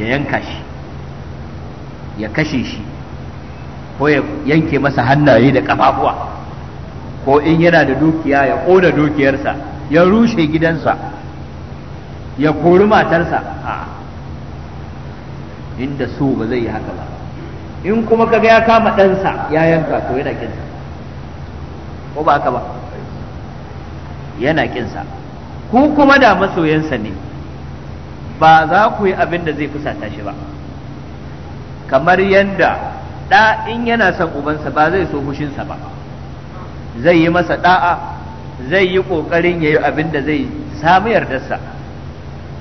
ya yanka shi ya kashe shi ko ya yanke masa hannaye da ƙafafuwa ko in yana da dukiya ya ƙona dukiyarsa ya rushe gidansa ya kori matarsa a inda so ba zai yi haka ba in kuma kaga ya kama ɗansa ya yanka to yana kinsa ko ba haka ba yana kinsa ku kuma da masoyansa ne ba za ku yi abin da zai fusata shi ba kamar yanda ɗa in yana son ubansa ba zai so fushinsa ba zai yi masa ɗa'a zai yi ƙoƙarin ya yi abin da zai samu yardarsa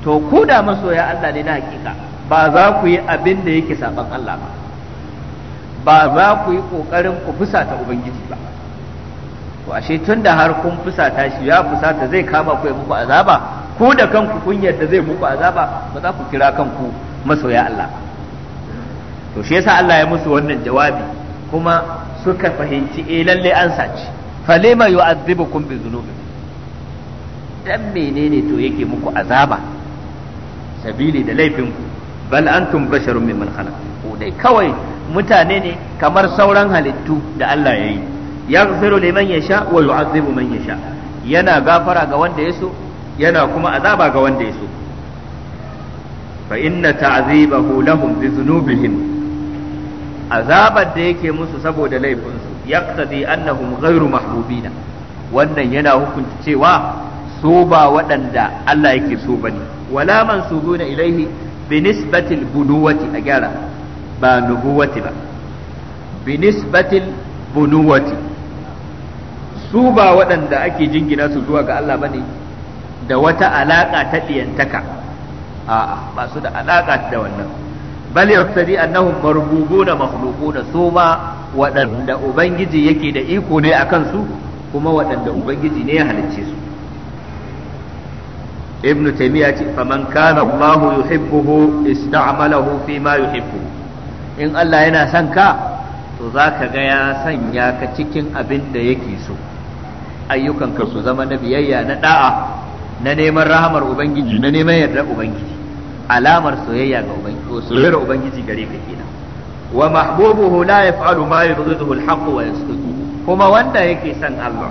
to ku da masoya Allah ne na hakika ba za ku yi abin da yake saban Allah ba ba za ku yi ƙoƙarin ku fusata Ubangiji ba to ashe tun da har kun fusata shi ya fusata zai kama ku ya muku azaba ku da kanku kun yarda zai muku azaba ba za ku kira kanku masoya Allah ba to shi yasa Allah ya musu wannan jawabi kuma suka fahimci eh lalle an saci falima yu'adhibukum bi dhunubikum dan menene to yake muku azaba sabili da laifin ku bal antum basharun mimman khalaq ko dai kawai mutane ne kamar sauran halittu da Allah ya yi yaghfiru liman yasha wa yu'adhibu man yasha yana gafara ga wanda ya so yana kuma azaba ga wanda ya so fa inna ta'zibahu lahum bi dhunubihim azabar da yake musu saboda laifinsu yaqtadi annahum ghairu mahbubina wannan yana hukunta cewa su ba waɗanda Allah yake so bane wala mansubuna ilaihi binisbatil bunuwati a gyara ba nubuwati ba binisbatil bunuwati su ba waɗanda ake jingina su zuwa ga Allah bane da wata alaka ta ɗiyantaka. a'a ba su da alaka da wannan bal yaftari annahum da makhluquna da ma waɗanda ubangiji yake da iko ne akan su kuma waɗanda ubangiji ne ya halicce su ibnu ya ce faman kana allah yuhibbuhu ista'malahu fi ma yuhibbu in allah yana son ka to zaka ga ya sanya ka cikin abin da yake so ayyukan su zama na biyayya na da'a na neman rahamar ubangiji na neman yardar ubangiji alamar soyayya ga ubangiji soyayyar ubangiji gare ka kenan wa mahbubuhu la yaf'alu ma yuridu al-haqq wa yasduqu kuma wanda yake son Allah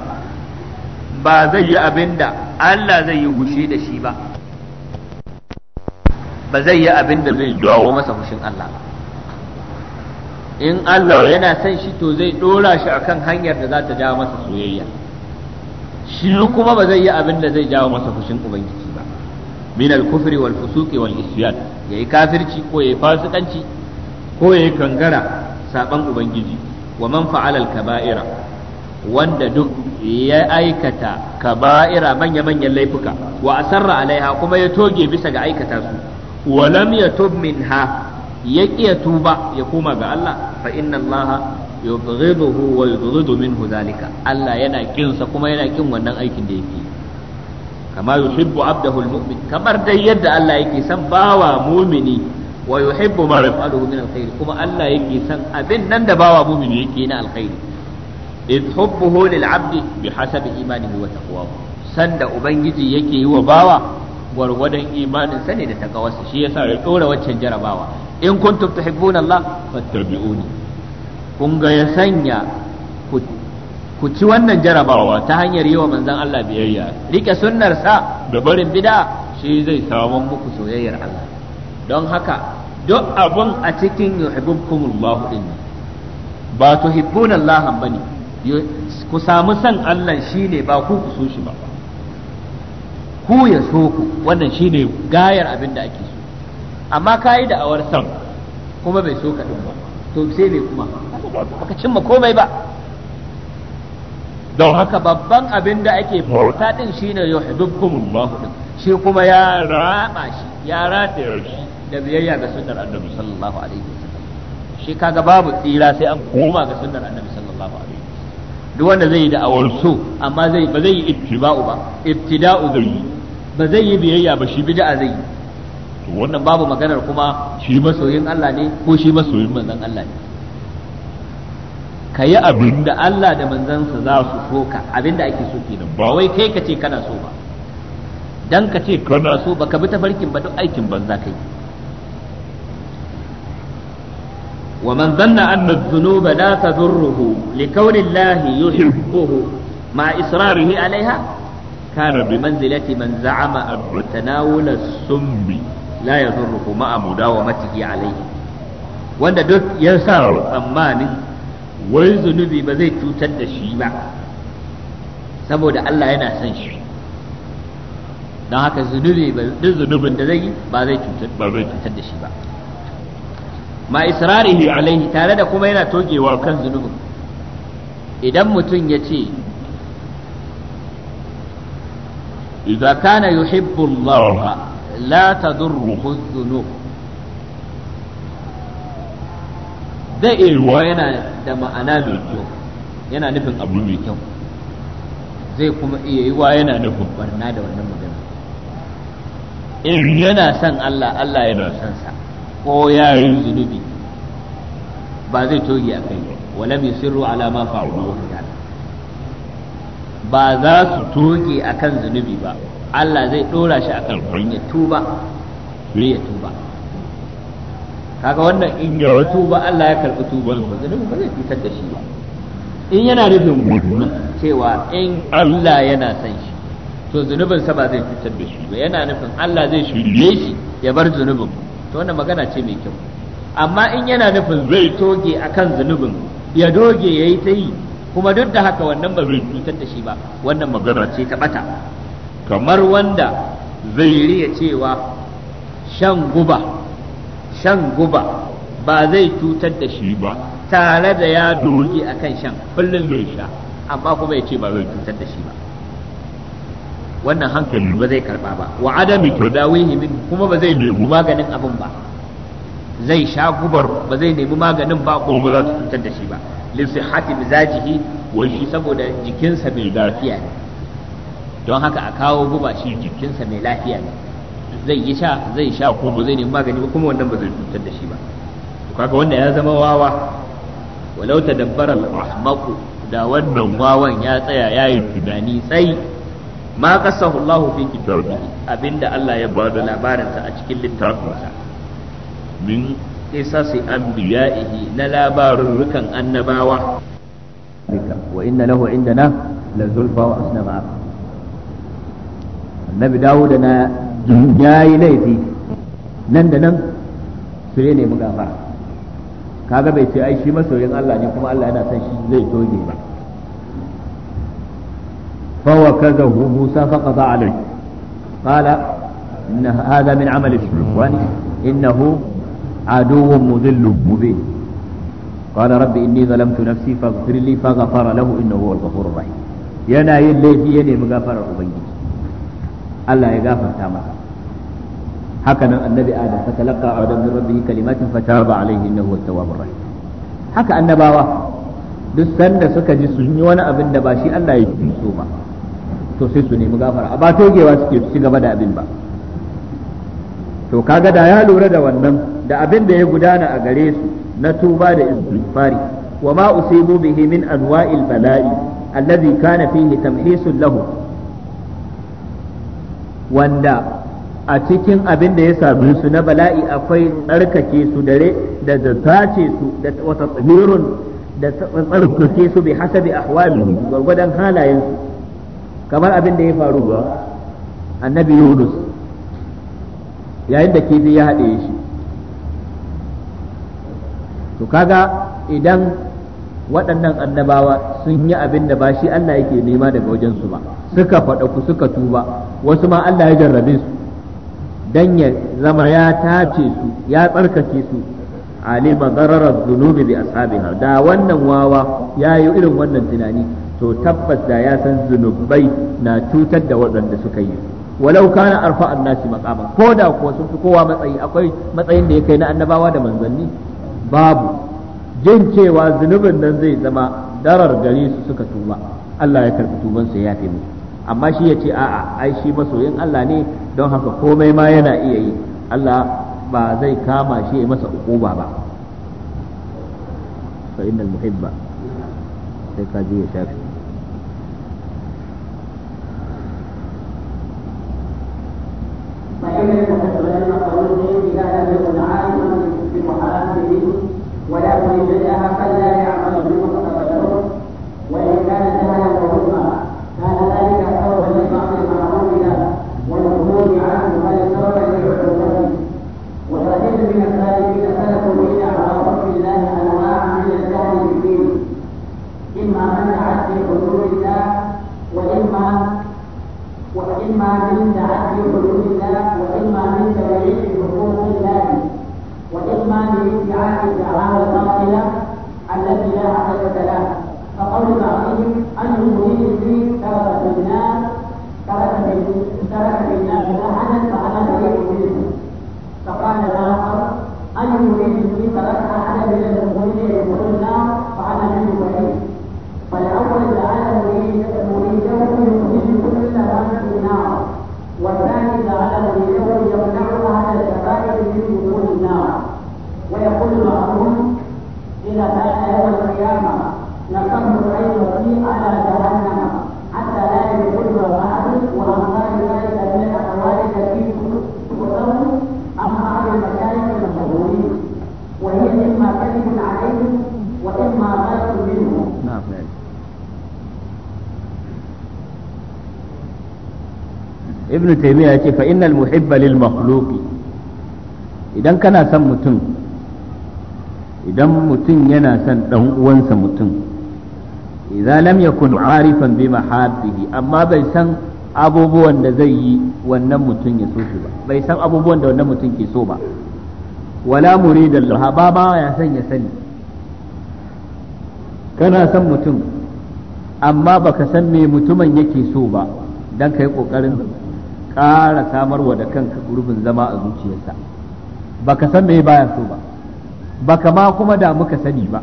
ba zai yi abinda Allah zai yi gushe da shi ba ba zai yi abinda zai dawo masa fushin Allah ba in Allah yana son shi to zai dora shi akan hanyar da za ta jawo masa soyayya shi kuma ba zai yi abinda zai jawo masa fushin ubangiji Minal al-kufri wal fusuqi wal isyan yayi kafirci ko yayi fasikanci ko yayi kangara saban ubangiji wa man fa'ala kabaira wanda duk ya aikata kaba'ira manya-manyan laifuka wa asarra alaiha kuma ya toge bisa ga aikata su wa lam yatub minha ya kiya tuba ya koma ga Allah fa inna Allah yubghiduhu wa yubghidu minhu zalika Allah yana ƙinsa kuma yana ƙin wannan aikin da yake kama yuhibbu abdahu almu'min kamar dai yadda Allah yake san bawa mu'mini wa yuhibbu ma yaf'aluhu min alkhair kuma Allah yake san abin nan da bawa mu'mini yake na alkhairi idh hubbuhu lil 'abdi bihasabi imanihi wa taqwahu sanda ubangiji yake yi wa bawa gwargwadon imanin sa ne da takawarsa shi yasa ya dora waccan jarabawa in kuntum tuhibbuna Allah fattabi'uni kun ga ya sanya ku ku ci wannan jarabawa ta hanyar yi wa manzan Allah biyayya rike sunnar sa da barin bid'a shi zai samu muku soyayyar Allah don haka duk abun a cikin yuhibbukumullahu din ba tuhibbuna Allah bane ku samu san Allah shine ba ku ku so shi ba ku ya so ku wannan shine gayar abin da ake so amma ka yi da'awar san kuma bai so ka din ba to sai ne kuma baka cimma komai ba don haka babban abin da ake bauta din shine din shi kuma ya raba shi ya rata shi da biyayya ga sunnar annabi sallallahu alaihi wasallam shi kaga babu tsira sai an koma ga sunnar annabi sallallahu alaihi wasallam duk wanda zai yi da awar so amma zai ba zai yi ittiba'u ba ibtida'u zai yi ba zai yi biyayya ba shi bid'a zai yi to wannan babu maganar kuma shi masoyin Allah ne ko shi masoyin manzon Allah ne ka yi abin da Allah da manzansa za su so ka abin da ake so ke nan ba wai kai ka ce kana so ba don ka ce kana so ba ka bi ta tafarkin ba duk aikin banza yi. wa man zanna anna adh-dhunuba la tadurruhu li kawni Allah yuhibbuhu ma a alaiha kana bi manzilati man za'ama at-tanawul as-sumbi la ya zurruhu amuda wa a alaihi wanda duk ya sa tsammanin wai zunubi ba zai cutar da shi ba saboda Allah yana son shi don haka zunubi ba duk zunubin da zai yi ba zai cutar da shi ba ma israrihi alaihi tare da kuma yana togewa kan zunubin idan mutum ya ce idza kana yuhibbu Allah la tadurruhu dhunub zai iya ruwa yana da ma'ana mai kyau yana nufin abu mai kyau zai kuma iya yi wa yana nufin barna da wannan magana in yana son Allah Allah yana son sa ko yi zunubi ba zai toge a kai wala mai sirru alama fa'ulu ba za su toge akan zunubi ba Allah zai dora shi akan kunya tuba ya tuba kaga wannan in ya tuba Allah ya karɓi tuba. ba ba zai fitar da shi ba in yana nufin cewa in Allah yana san shi to zunubin sa ba zai fitar da shi ba yana nufin Allah zai shirye shi ya bar zunubin to wannan magana ce mai kyau amma in yana nufin zai toge akan zunubin ya doge yayi ta yi kuma duk da haka wannan ba zai cutar da shi ba wannan magana ce ta bata kamar wanda zai riya cewa shan guba shan guba ba zai cutar da shi ba tare da ya akan a kan shan kullum zai sha amma kuma ya ce ba zai cutar da shi ba wannan hankali ba zai karba ba wa adami tadawihi min kuma ba zai nemi maganin abin ba zai sha gubar ba zai nemi maganin ba ko ba za ta cutar da shi ba li sihhati mizajihi wai shi saboda jikinsa mai lafiya ne don haka a kawo guba shi jikinsa mai lafiya ne zai yi sha zai sha ko ba zai nemi magani ba kuma wannan ba zai cutar da shi ba kaga wanda ya zama wawa walau tadabbara al-ahmaqu da wannan wawan ya tsaya ya yi tunani sai ma qasahu Allahu fi kitabihi abinda Allah ya bada labarin ta a cikin littafinsa min qisasi anbiya'ihi na labarin rukan annabawa wa inna lahu indana la zulfa wa asnama annabi dawud na ya yi laifi nan da nan su ne nemi gafara kaga bai ce ai shi masoyin Allah ne kuma Allah yana son shi zai toge ba fawa kaza hu musa fa qada alai qala inna hadha min amali shaytani innahu aduwwun mudillun mubin قال رب إني ظلمت نفسي فاغفر لي فغفر له إنه هو الغفور الرحيم ينا يلي في يلي مغفر ubangiji. Allah ya gafarta masa haka nan annabi adam fa talaqa adam min rabbih kalimatin fa taba alaihi innahu at haka annabawa duk sanda suka ji sun yi wani abin da ba shi Allah ya yi su ba to sai su nemi gafara ba togewa suke su ci gaba da abin ba to kaga da ya lura da wannan da abin da ya gudana a gare su na tuba da istighfari wa ma usibu bihi min anwa'il bala'i alladhi kana fihi tamhisun lahu wanda a cikin abin da ya same su na bala'i akwai tsarkake su dare da zace su da wata tsamirun da tsarkake su bi hasabi ahwali gwargwadon halayensu kamar abin da ya faru ba annabi yunus yayin da kifi ya haɗe shi to kaga idan waɗannan annabawa sun yi abin da ba shi Allah yake nema daga wajen su ba suka faɗaku suka tuba wasu ma Allah ya jarrabe su dan ya zama ya tace su ya tsarkake su alima dararar zunubi bi ashabiha da wannan wawa ya yi irin wannan tunani to tabbas da ya san zunubai na cutar da waɗanda suka yi walau kana arfa annasi maqama ko da kuwa sun fi kowa matsayi akwai matsayin da ya kai na annabawa da manzanni babu jin cewa zunubin nan zai zama darar gare su suka tuba Allah ya karɓi tubansu ya fi musu amma shi ya ce a'a ai shi masoyin Allah ne don haka komai ma yana iya yi Allah ba zai kama shi ya masa ukuba ba fa innal muhibba sai ka ji ya shafi ولا تجدها فلا يعلم حلول الله وإما وإما من تعدي حدود الله وإما من تبعيد حقوق الله وإما من ابتعاد الدعاوى الباطلة التي لا حقيقة لها فقول بعضهم أنه مريد به ترك في النار ترك في ترك في الناس لعنة فعلى غير مريد فقال الآخر أنه مريد به ترك على من المغني يدخل النار فعلى من من النار ويقول بعضهم إذا كان يوم القيامة نقر العين فيه على جهنم حتى لا يدخلها أحد وأمثال ذلك من الأقوال التي تكتب عن بعض المشايخ المشهورين وهي إما كذب عليهم وإما غلط منهم. نعم،, نعم. ابن تيمية فإن المحب للمخلوق idan kana son mutum idan mutum yana son dan uwansa mutum idan lam yakun arifan bi mahabbihi amma bai san abubuwan da zai yi wannan mutum ya so shi ba bai san abubuwan da wannan mutum ke so ba wala muridan laha ba ba ya san ya sani kana son mutum amma baka san me mutumin yake so ba dan kai kokarin ƙara samarwa da kanka gurbin zama a zuciyarsa baka san me baya so ba baka ma kuma da muka sani ba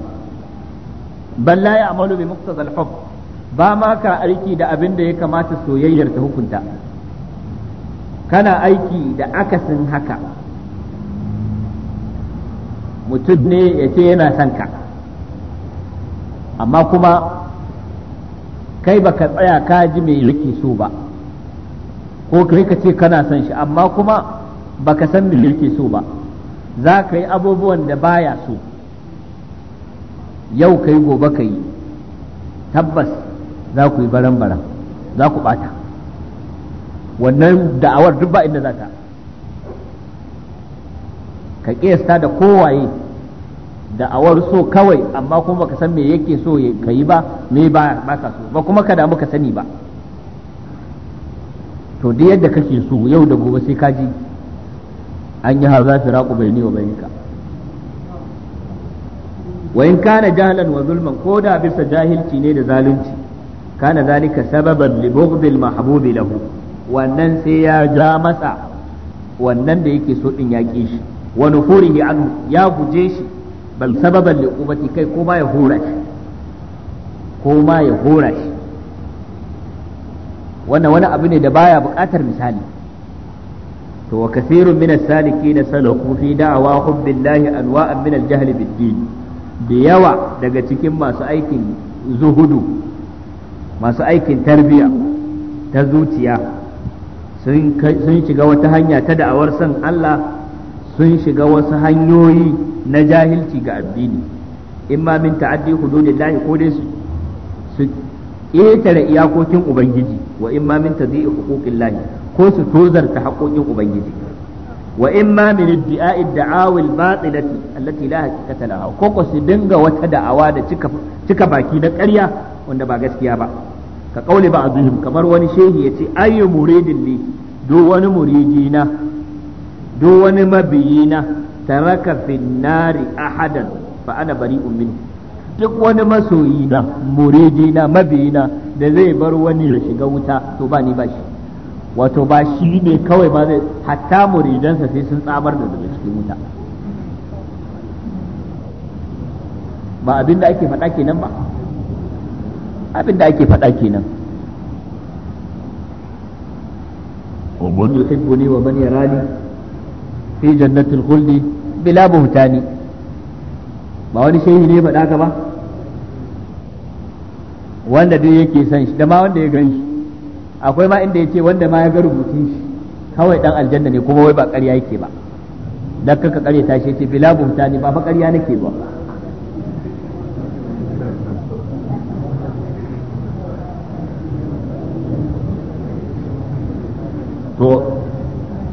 bal ya ya'malu bi muqtadal hub ba ma ka aiki da abin da ya kamata soyayyar ta hukunta kana aiki da akasin haka mutum ne ya ce yana son ka amma kuma kai baka tsaya ka ji me yake so ba ko kai ka ce kana son shi amma kuma baka san me yake so ba za ka yi abubuwan da baya so yau ka yi gobe ka yi tabbas za ku yi baran-baran za ku bata wannan da'awar duk ba inda za ta ka kesta da kowaye da'awar so kawai amma kuma baka san me yake so ka yi ba me ba ka so ba kuma ka damu ka sani ba to duk yadda kake so yau da gobe sai ka ji an yi haza bai baini wa bainka wa in kana jahlan wa zulman ko da bisa jahilci ne da zalunci kana zalika sababan li bughdil mahbubi lahu wannan sai ya ja masa wannan da yake so din ya ki shi wa nufurihi anhu ya guje shi bal sababan li ubati kai ko ma ya hura shi ko ma ya hura shi wannan wani abu ne da baya bukatar misali to wa kathirun min as-salikin salaku fi da'awa hubbillahi anwa'an min al-jahl bid-din da yawa daga cikin masu aikin zuhudu masu aikin tarbiya ta zuciya sun shiga wata hanya ta da'awar san Allah sun shiga wasu hanyoyi na jahilci ga addini imma min ta'addi hududillahi ko dai su ƙetare iyakokin ubangiji wa imma min tadhi'i huquqillahi ko su tozarta haƙoƙin ubangiji wa in ma min iddi'a'i da'awil batilati allati la haqiqata laha ko ko su dinga wata da'awa da cika cika baki na ƙarya wanda ba gaskiya ba ka kauli ba azuhum kamar wani shehi yace ayyu muridin li do wani na do wani mabiyina taraka fin nari ahadan fa ana bari'un minhu duk wani na mabiyi na da zai bar wani ya shiga wuta to ba ni ba shi wato ba shi ne kawai ba zai hatta muridansa sai sun tsamar da daga cikin wuta ba abin da ake faɗa kenan ba abin da ake faɗa kenan ومن يحبني ومن يراني في جنة الخلد بلا بهتان ba wani shehi ne faɗa ka ba wanda duk yake san shi da ma wanda ya gan akwai ma inda yace wanda ma ya ga rubutun shi kawai dan aljanna ne kuma wai ba ƙarya yake ba dan kaka ƙarya ta shi ce bila buhtani ba fa ƙarya nake ba to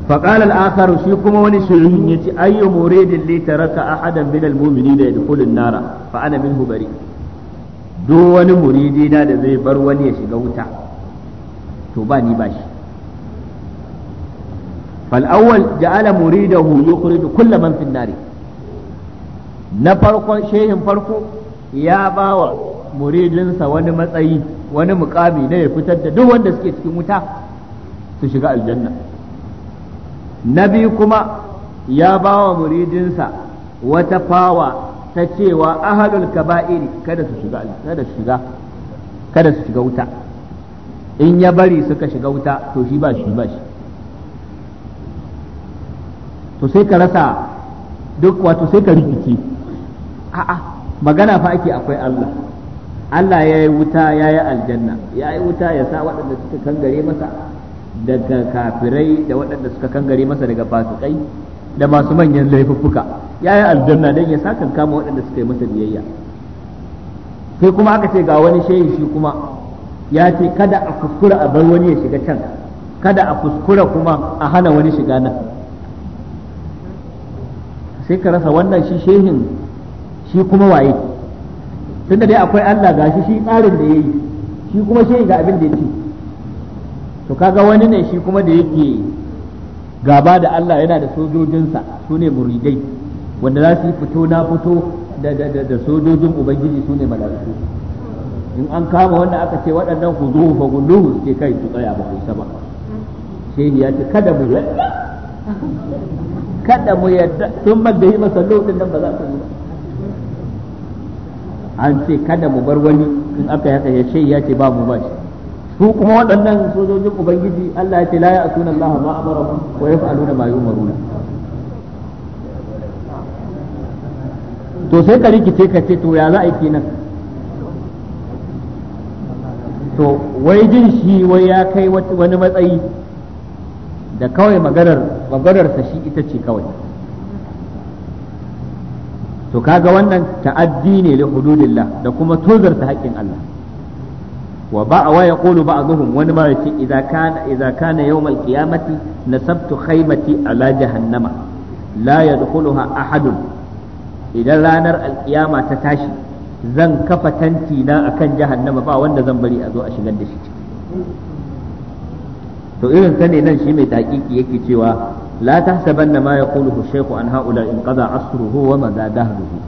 فقال الآخر شي كما يتي أي مريد اللي ترك أحدا من المؤمنين يدخل النار فأنا منه بريء duk wani muridi na da zai bar wani ya shiga wuta to ba ni ba shi fal awwal ja'ala muridahu yukhriju kull man fin nari na farkon shehin farko ya bawa muridinsa wani matsayi wani mukami na ya fitar da duk wanda suke cikin wuta su shiga aljanna na biyu kuma ya bawa muridinsa wata fawa ta cewa ahalul kaba'iri kada su kada su shiga kada su shiga wuta in ya bari suka shiga wuta to shi ba shi ba shi to sai ka rasa duk wato sai ka rikici a'a magana fa ake akwai Allah Allah ya yi wuta ya yi aljanna ya yi wuta ya sa waɗanda suka kangare masa daga kafirai da waɗanda suka kangare masa daga fasikai da masu manyan laifuffuka ya yi aljanna don ya sa kan kama waɗanda suka yi masa biyayya sai kuma aka ce ga wani shehi shi kuma ya ce kada a kuskura a bar wani ya shiga can kada a kuskura kuma a hana wani shiga nan sai ka rasa wannan shi shehin shi kuma waye tunda dai akwai Allah gashi shi tsarin da yayi shi kuma shehi ga abin da yake to kaga wani ne shi kuma da yake gaba da Allah yana da sojojinsa su ne muridai wanda za su yi fito na fito da sojojin ubangiji su ne mala'iku in an kama wanda aka ce waɗannan ku zuhu fa gulluhu ce kai su tsaya ba ku sama shehi ya ce kada mu yadda kada mu yadda sun man da yi masa lokacin nan ba za su yi an ce kada mu bar wani in aka yaka ya shehi ya ce ba mu ba shi su kuma waɗannan sojojin ubangiji Allah ya ce la ya'tuna Allah ma amara wa yaf'aluna ma yu'maruna to sai ka rikice ka ce to ya za a yi kenan to wai jin shi wai ya kai wani matsayi da kawai maganar maganarsa shi ita ce kawai to kaga wannan ta'addi ne li hududillah da kuma tozarta haƙƙin Allah wa ba wa yaqulu ba'dhum wani ma yace idza kana idza kana yawm al-qiyamati nasabtu khaymati ala jahannama la yadkhuluha ahadun idan ranar alƙiyama ta tashi zan kafa tanti na akan jahannama ba wanda zan bari a zo a shigar da shi ciki to irin ta ne nan shi mai taƙiƙi yake cewa la tahsabanna ma yaquluhu shaykhu an haula in qada asruhu wa ma dahruhu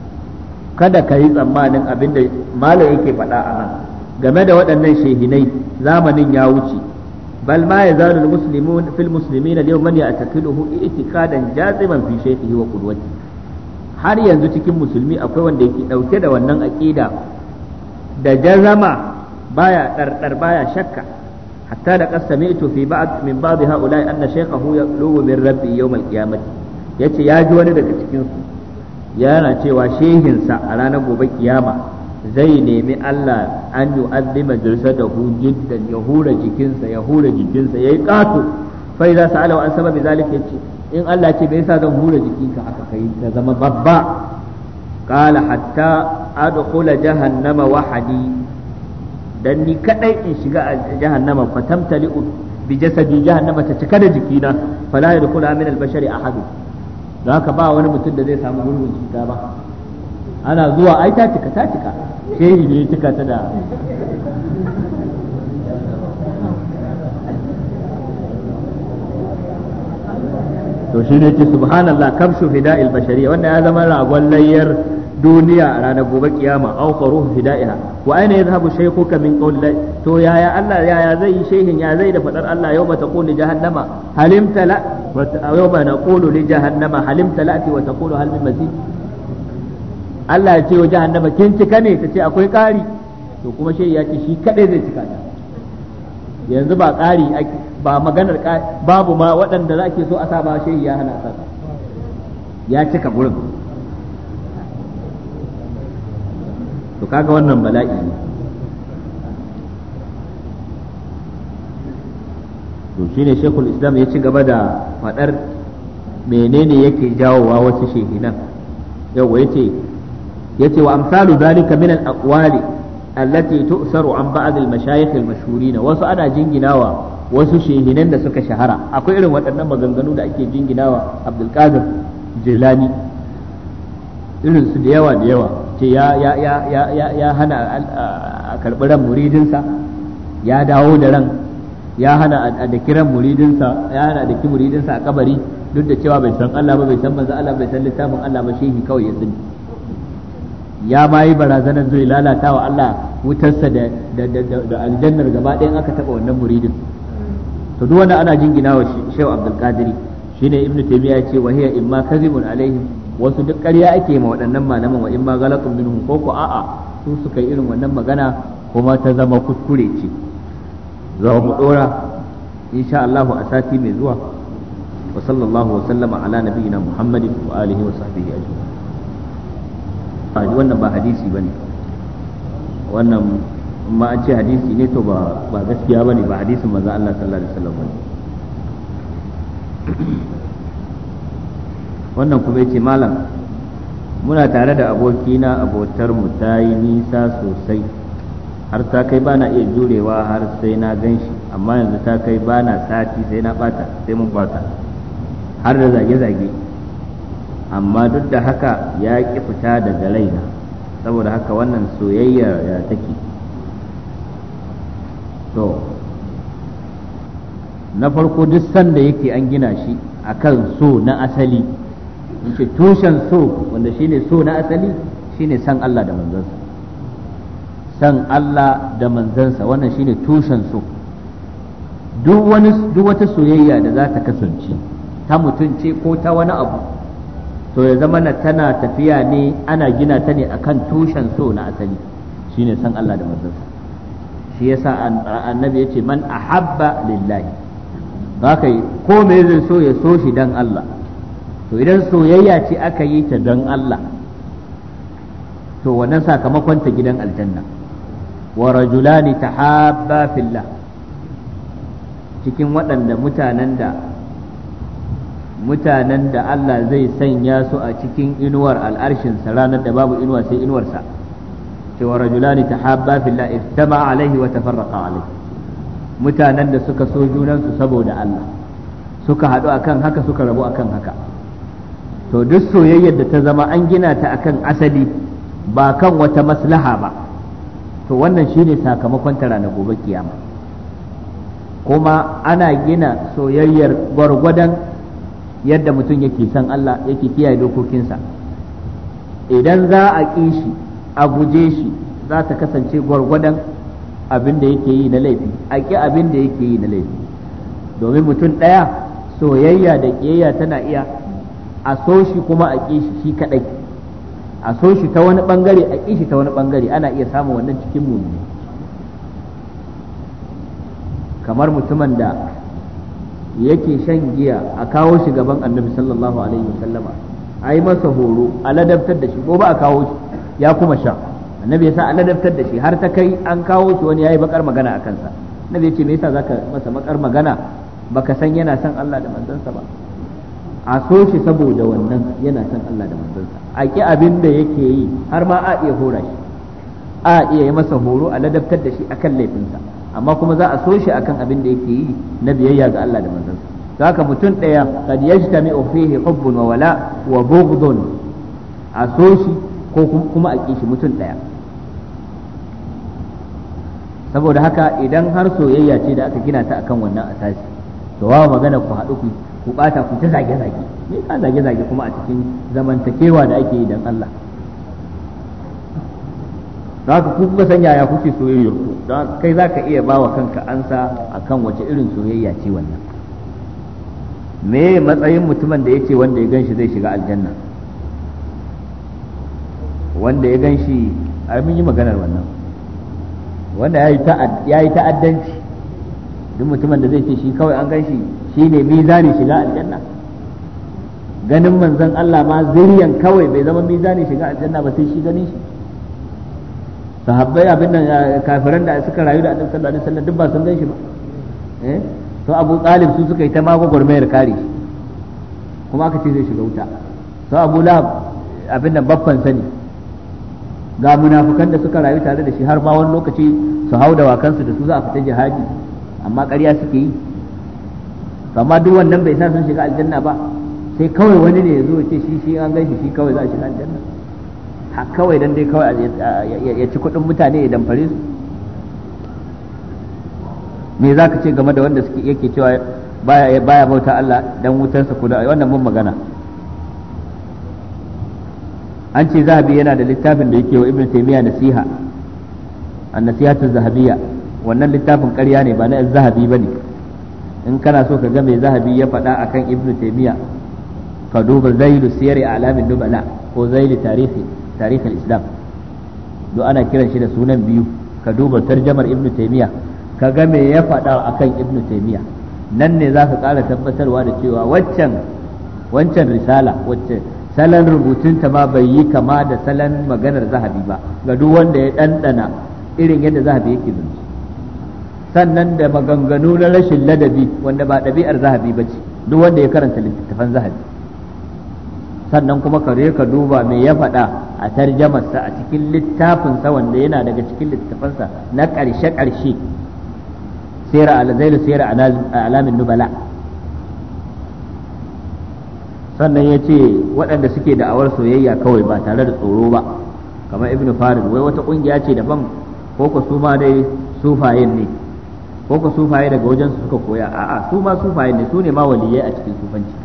kada ka yi tsammanin abinda malam yake faɗa a nan game da waɗannan shehinai zamanin ya wuce bal ma yazalu muslimun fil muslimina al-yawma ya'taqiluhu i'tiqadan jaziman fi shaykhihi wa qudwatihi har yanzu cikin musulmi akwai wanda yake ɗauke da wannan aƙida da jazama baya ɗarɗar baya shakka hatta da qad sami'tu fi babu min ba'd ha'ula'i anna shaykhahu yaqulu min rabbi yawm al-qiyamah yace ya ji wani daga cikin su yana cewa sa a ranar gobe kiyama zai nemi Allah an yu'azzima jirsadahu jiddan ya hura jikinsa ya hura jikinsa yayi kato fa idza sa'ala an sababi zalika yace in Allah ce bai sa zan hura jikinka aka kai ta zama babba kala hatta adkhula jahannama wahadi dan ni kadai in shiga jahannama fatamtali bi jasadi jahannama ta cika da jikina fala yadkhula min al-bashari ahad da haka ba wani mutum da zai samu hurbin shiga ba ana zuwa ai ta cika ta cika shehi ne cika ta da to shi ne ce subhanallah kamshu fida'il bashariya wanda ya zama ragon layyar duniya a ranar gobe kiyama aw qaruhu fida'iha wa aina yadhhabu shaykhuka min qawli to yaya Allah yaya zai yi shehin ya zai da fadar Allah yawma taqulu jahannama halim tala wa yawma naqulu li jahannama halimta talati wa taqulu hal min mazid Allah ya ce wa jahannama kin cika ne tace akwai kari to kuma shehi ya ce shi kadai zai cika ta yanzu ba ƙari ba maganar babu ma waɗanda za ke so a sa ba shehi ya hana sa ya cika gurin to kaga wannan bala'i ne to shine shekul islam ya ci gaba da faɗar menene yake jawowa wasu shehinan yau ya ce wa amsalu zalika min al-aqwali allati tu'saru an ba'd al-mashayikh al-mashhurin wasu ana jinginawa wasu shehinan da suka shahara akwai irin waɗannan maganganu da ake jinginawa Abdul Qadir Jilani irin su da yawa da yawa ce ya ya ya ya ya hana a karɓi ran muridinsa ya dawo da ran ya hana a da kiran muridinsa ya hana da ki muridinsa a kabari duk da cewa bai san Allah ba bai san manzo Allah bai san littafin Allah ba shehi kawai ya tsini. ya ma yi barazanar zai lalata wa Allah wutarsa da aljannar gaba ɗayan aka taɓa wannan muridin to duk wanda ana jingina wa shehu abdul qadiri shine ibnu taymiya ce wa hiya imma kadhibun alaihim wasu duk ƙarya ake ma waɗannan malaman wa imma galatun minhum ko ko a'a su suka yi irin wannan magana kuma ta zama kuskure ce za mu dora insha Allah a sati mai zuwa wa sallallahu wa sallama ala nabiyyina muhammadin wa alihi wa sahbihi ajma'in wannan ba hadisi ba ne wannan ma an ce hadisi ne to ba gaskiya ba ne ba hadisin maza Allah sallallahu alaihi wasallam ba ne wannan kuma ce malam muna tare da abokina abotar mu ta yi nisa sosai har ta kai bana iya jurewa har sai na gan shi amma yanzu ta kai bana sati sai na bata sai mun bata har da zage-zage amma duk da haka ya ƙi fita daga raina saboda haka wannan soyayya ya take to na farko duk sanda yake an gina shi akan so na asali in ce tushen so wanda shine so na asali shine san Allah da manzansa san Allah da manzansa wannan shine tushen so duk wani duk wata soyayya da za ta kasance ta mutunce ko ta wani abu to ya zama na tana tafiya ne ana gina ta ne akan tushen so na asali shine san Allah da manzansa shi yasa annabi yace man ahabba lillahi haka ko me zai so ya so shi dan Allah to idan soyayya ce aka yi ta dan Allah to wannan sakamakon ta gidan aljanna wa rajulani tahabba fillah cikin waɗanda mutanen da mutanen da Allah zai sanya su a cikin inuwar al'arshinsa ranar da babu inuwa sai inuwarsa cewa rajulani iftama alaihi wa tafarraqa alaihi mutanen da suka so junansu saboda Allah suka haɗu akan haka suka rabu akan haka to duk soyayyar da ta zama an gina ta akan asali ba kan wata maslaha ba to wannan shine sakamakon ta ranar gobe kiyama kuma ana gina soyayyar gwargwadon yadda mutum yake san Allah yake kiyaye dokokinsa idan za a ƙi shi a guje shi za ta kasance gwargwadon abin da yake yi na laifi a ƙi abin da yake yi na laifi domin mutum ɗaya soyayya da ƙiyayya tana iya a so shi kuma a ƙi shi kaɗai a so shi ta wani ɓangare a ƙi shi ta wani ɓangare ana iya samun wannan cikin mummuni kamar mutumin da yake shan giya a kawo shi gaban annabi sallallahu alaihi wasallama a yi masa horo a ladabtar da shi ko ba a kawo shi ya kuma sha annabi ya sa a ladabtar da shi har ta kai an kawo shi wani yayi bakar magana a kansa annabi ya ce me yasa zaka masa bakar magana baka san yana son Allah da manzansa ba a so shi saboda wannan yana son Allah da manzansa a ki abin da yake yi har ma a iya hora shi a iya yi masa horo a ladabtar da shi akan laifinsa amma kuma za a so shi akan abin da yake yi na biyayya ga Allah da manzansa haka mutum ɗaya kad yajtami fihi hubbun wa wala wa bughdun a so shi ko kuma a kishi mutum ɗaya saboda haka idan har soyayya ce da aka gina ta akan wannan asasi to wa magana ku haɗu ku ku bata ku ta zage zage me ka zage zage kuma a cikin zamantakewa da ake yi dan Allah don haka ku kuka san yaya kuke soyayyar ku don kai kai zaka iya bawa kanka ansa akan wace irin soyayya ce wannan me matsayin mutumin da ce wanda ya ganshi zai shiga aljanna wanda ya ganshi shi mun yi maganar wannan wanda ya yi ta'addanci duk mutumin da zai ce shi kawai an ganshi shi ne mizani shiga aljanna ganin manzan Allah ma zuriyan kawai bai zama mizani shiga aljanna ba sai shi ganin shi sahabbai abin nan eh, kafiran da suka rayu da annabi sallallahu alaihi wasallam duk ba sun ganshi ba eh to Abu Talib su suka yi ta mago gurmayar kare kuma aka ce zai shiga wuta to Abu Lahab abin nan babban sani ga munafukan da suka rayu tare da shi har ma wani lokaci su hau da wakansu da su za a fita jihadi amma ƙarya suke yi amma duk wannan bai sa sun shiga aljanna ba sai kawai wani ne ya zo ya ce shi shi an gaishe shi kawai za a shiga aljanna kawai dan dai kawai ya ci kudin mutane ya damfare su me za ka ce game da wanda suke yake cewa baya bauta Allah dan wutarsa ko a wannan mun magana an ce zahabi yana da littafin da yake wa ibn taymiya nasiha an nasihatu zahabiyya wannan littafin karya ne ba na zahabi bane in kana so ka ga mai zahabi ya faɗa akan ibn taymiya ka duba zailu siyari alamin nubala ko zailu tarihi tarikh islam duk ana kiran shi da sunan biyu ka duba tarjamar ibnu taymiya ka ga me ya fada akan ibnu taymiya nan ne za ka ƙara tabbatarwa da cewa waccan wancan risala wacce salon rubutunta ma bai yi kama da salon maganar zahabi ba ga duk wanda ya ɗanɗana irin yadda zahabi yake zunci sannan da maganganu na rashin ladabi wanda ba dabi'ar zahabi ba ce duk wanda ya karanta littattafan zahabi sannan kuma kare ka duba me ya faɗa a tarjamarsa a cikin littafinsa wanda yana daga cikin littafansa na ƙarshe-ƙarshe sera alazailu sera alamin nubala sannan ya ce waɗanda suke da'awar soyayya kawai ba tare da tsoro ba kamar ibn farid wai wata ƙungiya ce daban ko ku su ma dai sufayen ne ko ku sufaye daga wajen su suka koya a'a su ma sufayen ne su ne ma waliyai a cikin sufanci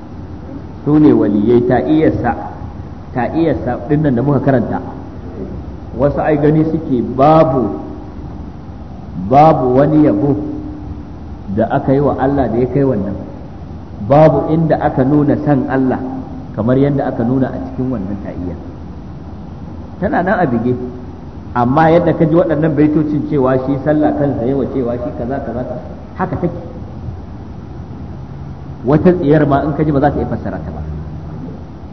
su ne waliyai ta iyasa ta iya din nan da muka karanta wasu ai gani suke babu babu wani yabo da aka yi wa Allah da ya kai wannan babu inda aka nuna san Allah kamar yadda aka nuna a cikin wannan ta'iyya tana nan a bige amma yadda ka ji waɗannan baitocin cewa shi sallah kansa yawa cewa shi kaza kaza haka take wata tsiyar ma in ka ji ba za ta iya fassara ta ba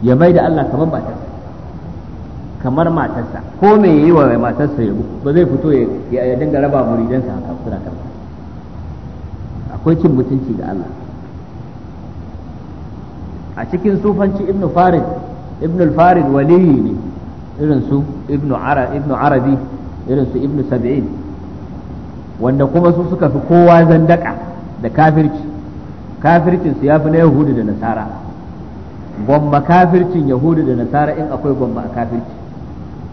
ya mai da Allah kamar matarsa kamar matarsa ko me yi wa matarsa ya ba zai fito ya dinga raba muridansa haka suna karɓa akwai cin mutunci ga Allah a cikin sufanci ibnu farid ibnu farid waliyi ne irin su ibnu arabi irin su ibnu sab'in wanda kuma su suka fi kowa zandaka da kafirci kafircin su ya fi na yahudu da nasara gwamma kafircin yahudu da nasara in akwai gwamma a kafirci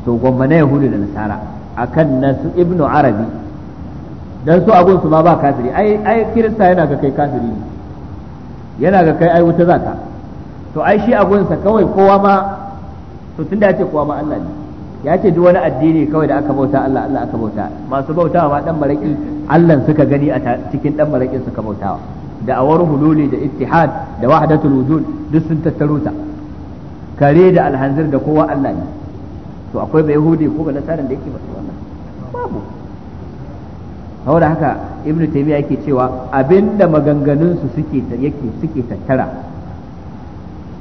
to gwamma na yahudu da nasara akan nasu ibnu arabi don su abun su ma ba kafiri ai kirista yana ga kai kafiri ne yana ga kai ai wuta zaka to ai shi abun sa kawai kowa ma to tunda ya ce kowa ma Allah ne ya ce duk wani addini kawai da aka bauta Allah Allah aka bauta masu bautawa ma dan maraki Allah suka gani a cikin dan marakin suka bautawa da awar hululi da ittihad da wahdatul wujud duk sun tattaro ta kare da alhanzir da kowa Allah ne to akwai bai yahudi ko ba nasaran da yake ba wannan babu saboda haka ibnu taymiya yake cewa abinda maganganun su suke yake suke tattara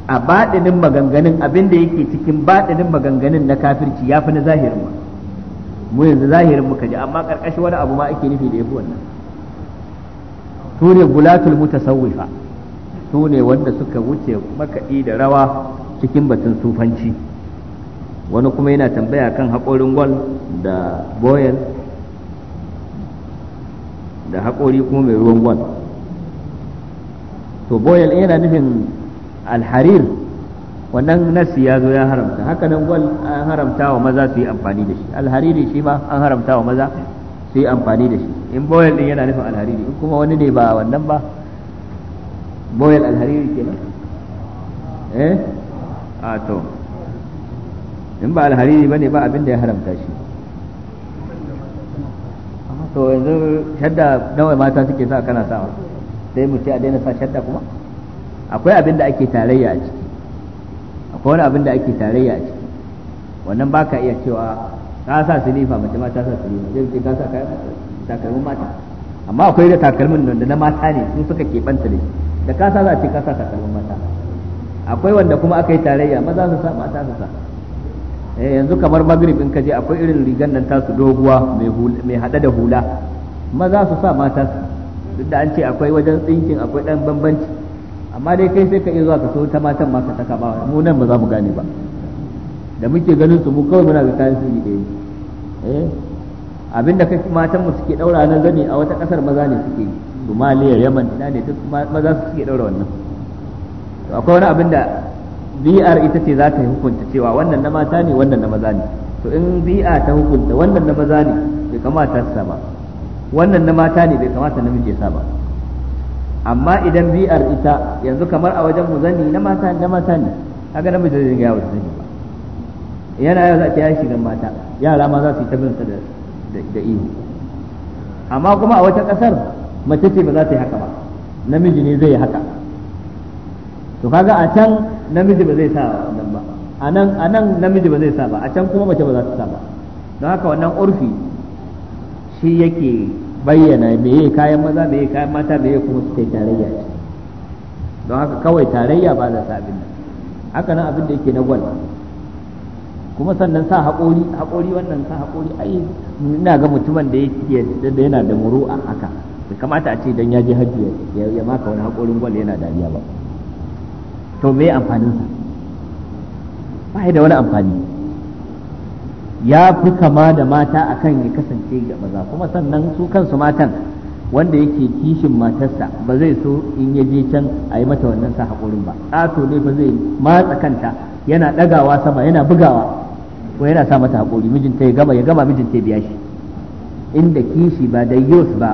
a badinin maganganun abinda yake cikin badinin maganganun na kafirci ya fi na zahirin mu yanzu zahirin muka ji amma ƙarƙashin wani abu ma ake nufi da yafi wannan su ne gulatul mutasawwifa su ne wanda suka wuce makaɗi da rawa cikin batun sufanci wani kuma yana tambaya kan haƙorin gwal da boyel da haƙori kuma mai ruwan gwal to boyel yana nufin alharir wannan nasi ya zo ya haramta haka nan gwal an haramta wa maza su yi amfani da shi alhariri shi ma an haramta wa maza sai amfani da shi in boyal din yana nufin alhariri in kuma wani ne ba wannan ba boyal alhariri kenan eh a to in ba alhariri bane ba abin da ya haramta shi to yanzu shadda nawa mata suke sa kana sawa sai mu ce a daina sa shadda kuma akwai abin da ake tarayya a ciki akwai wani abin da ake tarayya a ciki wannan baka iya cewa ka sa silifa mace ma ta sa silifa zai ce ka sa takalmin mata amma akwai da takalmin nan da na mata ne sun suka keɓanta da da ka sa za a ce ka sa takalmin mata akwai wanda kuma aka yi tarayya maza su sa mata su sa eh yanzu kamar magrib in ka je akwai irin rigan nan tasu doguwa mai hada da hula maza su sa mata su duk da an ce akwai wajen tsinkin akwai dan bambanci amma dai kai sai ka iya zuwa ka so ta matan ma ka saka ba mu nan ba za mu gane ba da muke ganin su mu kawai muna ga kayan su ɗaya eh abinda kai matan mu suke daura na zani a wata kasar maza ne suke yi Somalia Yaman ina ne duk maza su suke daura wannan to akwai wani abin da VR ita ce za ta hukunta cewa wannan na mata ne wannan na maza ne to in VR ta hukunta wannan na maza ne bai kamata ta ba wannan na mata ne bai kamata namiji ya sa ba amma idan VR ita yanzu kamar a wajen mu zani na mata na mata ne kaga namiji zai ga yawo zani ba yana yau za ta yi shigan mata yara ma za su yi ta bin da ihu amma kuma a wata kasar mace ce ba za ta yi haka ba namiji ne zai yi haka to kaga a can namiji ba zai sa nan ba a nan a nan namiji ba zai sa ba a can kuma mace ba za ta sa ba don haka wannan urfi shi yake bayyana meye kayan maza meye kayan mata meye kuma su kai tarayya don haka kawai tarayya ba za ta abin nan haka nan abin da yake na gwal kuma sannan sa haƙori haƙori wannan sa haƙori ai ina ga mutumin da yake da yana da muru'a haka bai kamata a ce dan ya je hajji ya maka wani haƙorin gwal yana dariya ba to me amfanin sa ba da wani amfani ya fi kama da mata akan ya kasance ga maza kuma sannan su kansu matan wanda yake kishin matarsa ba zai so in ya je can a yi mata wannan sa haƙorin ba ƙato ne ba zai matsa kanta yana ɗagawa sama yana bugawa ko yana sa mata hakuri mijinta ya gama ya gama mijinta ya biya shi inda kishi ba da yus ba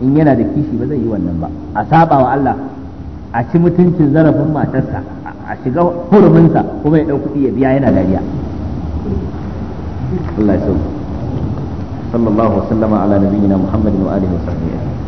in yana da kishi ba zai yi wannan ba a saba wa Allah a ci mutuncin zarafin matarsa a shiga huruminsa kuma ya ɗau kuɗi ya biya yana dariya Allah ya ala nabiyyina muhammadin wa alihi wa sahbihi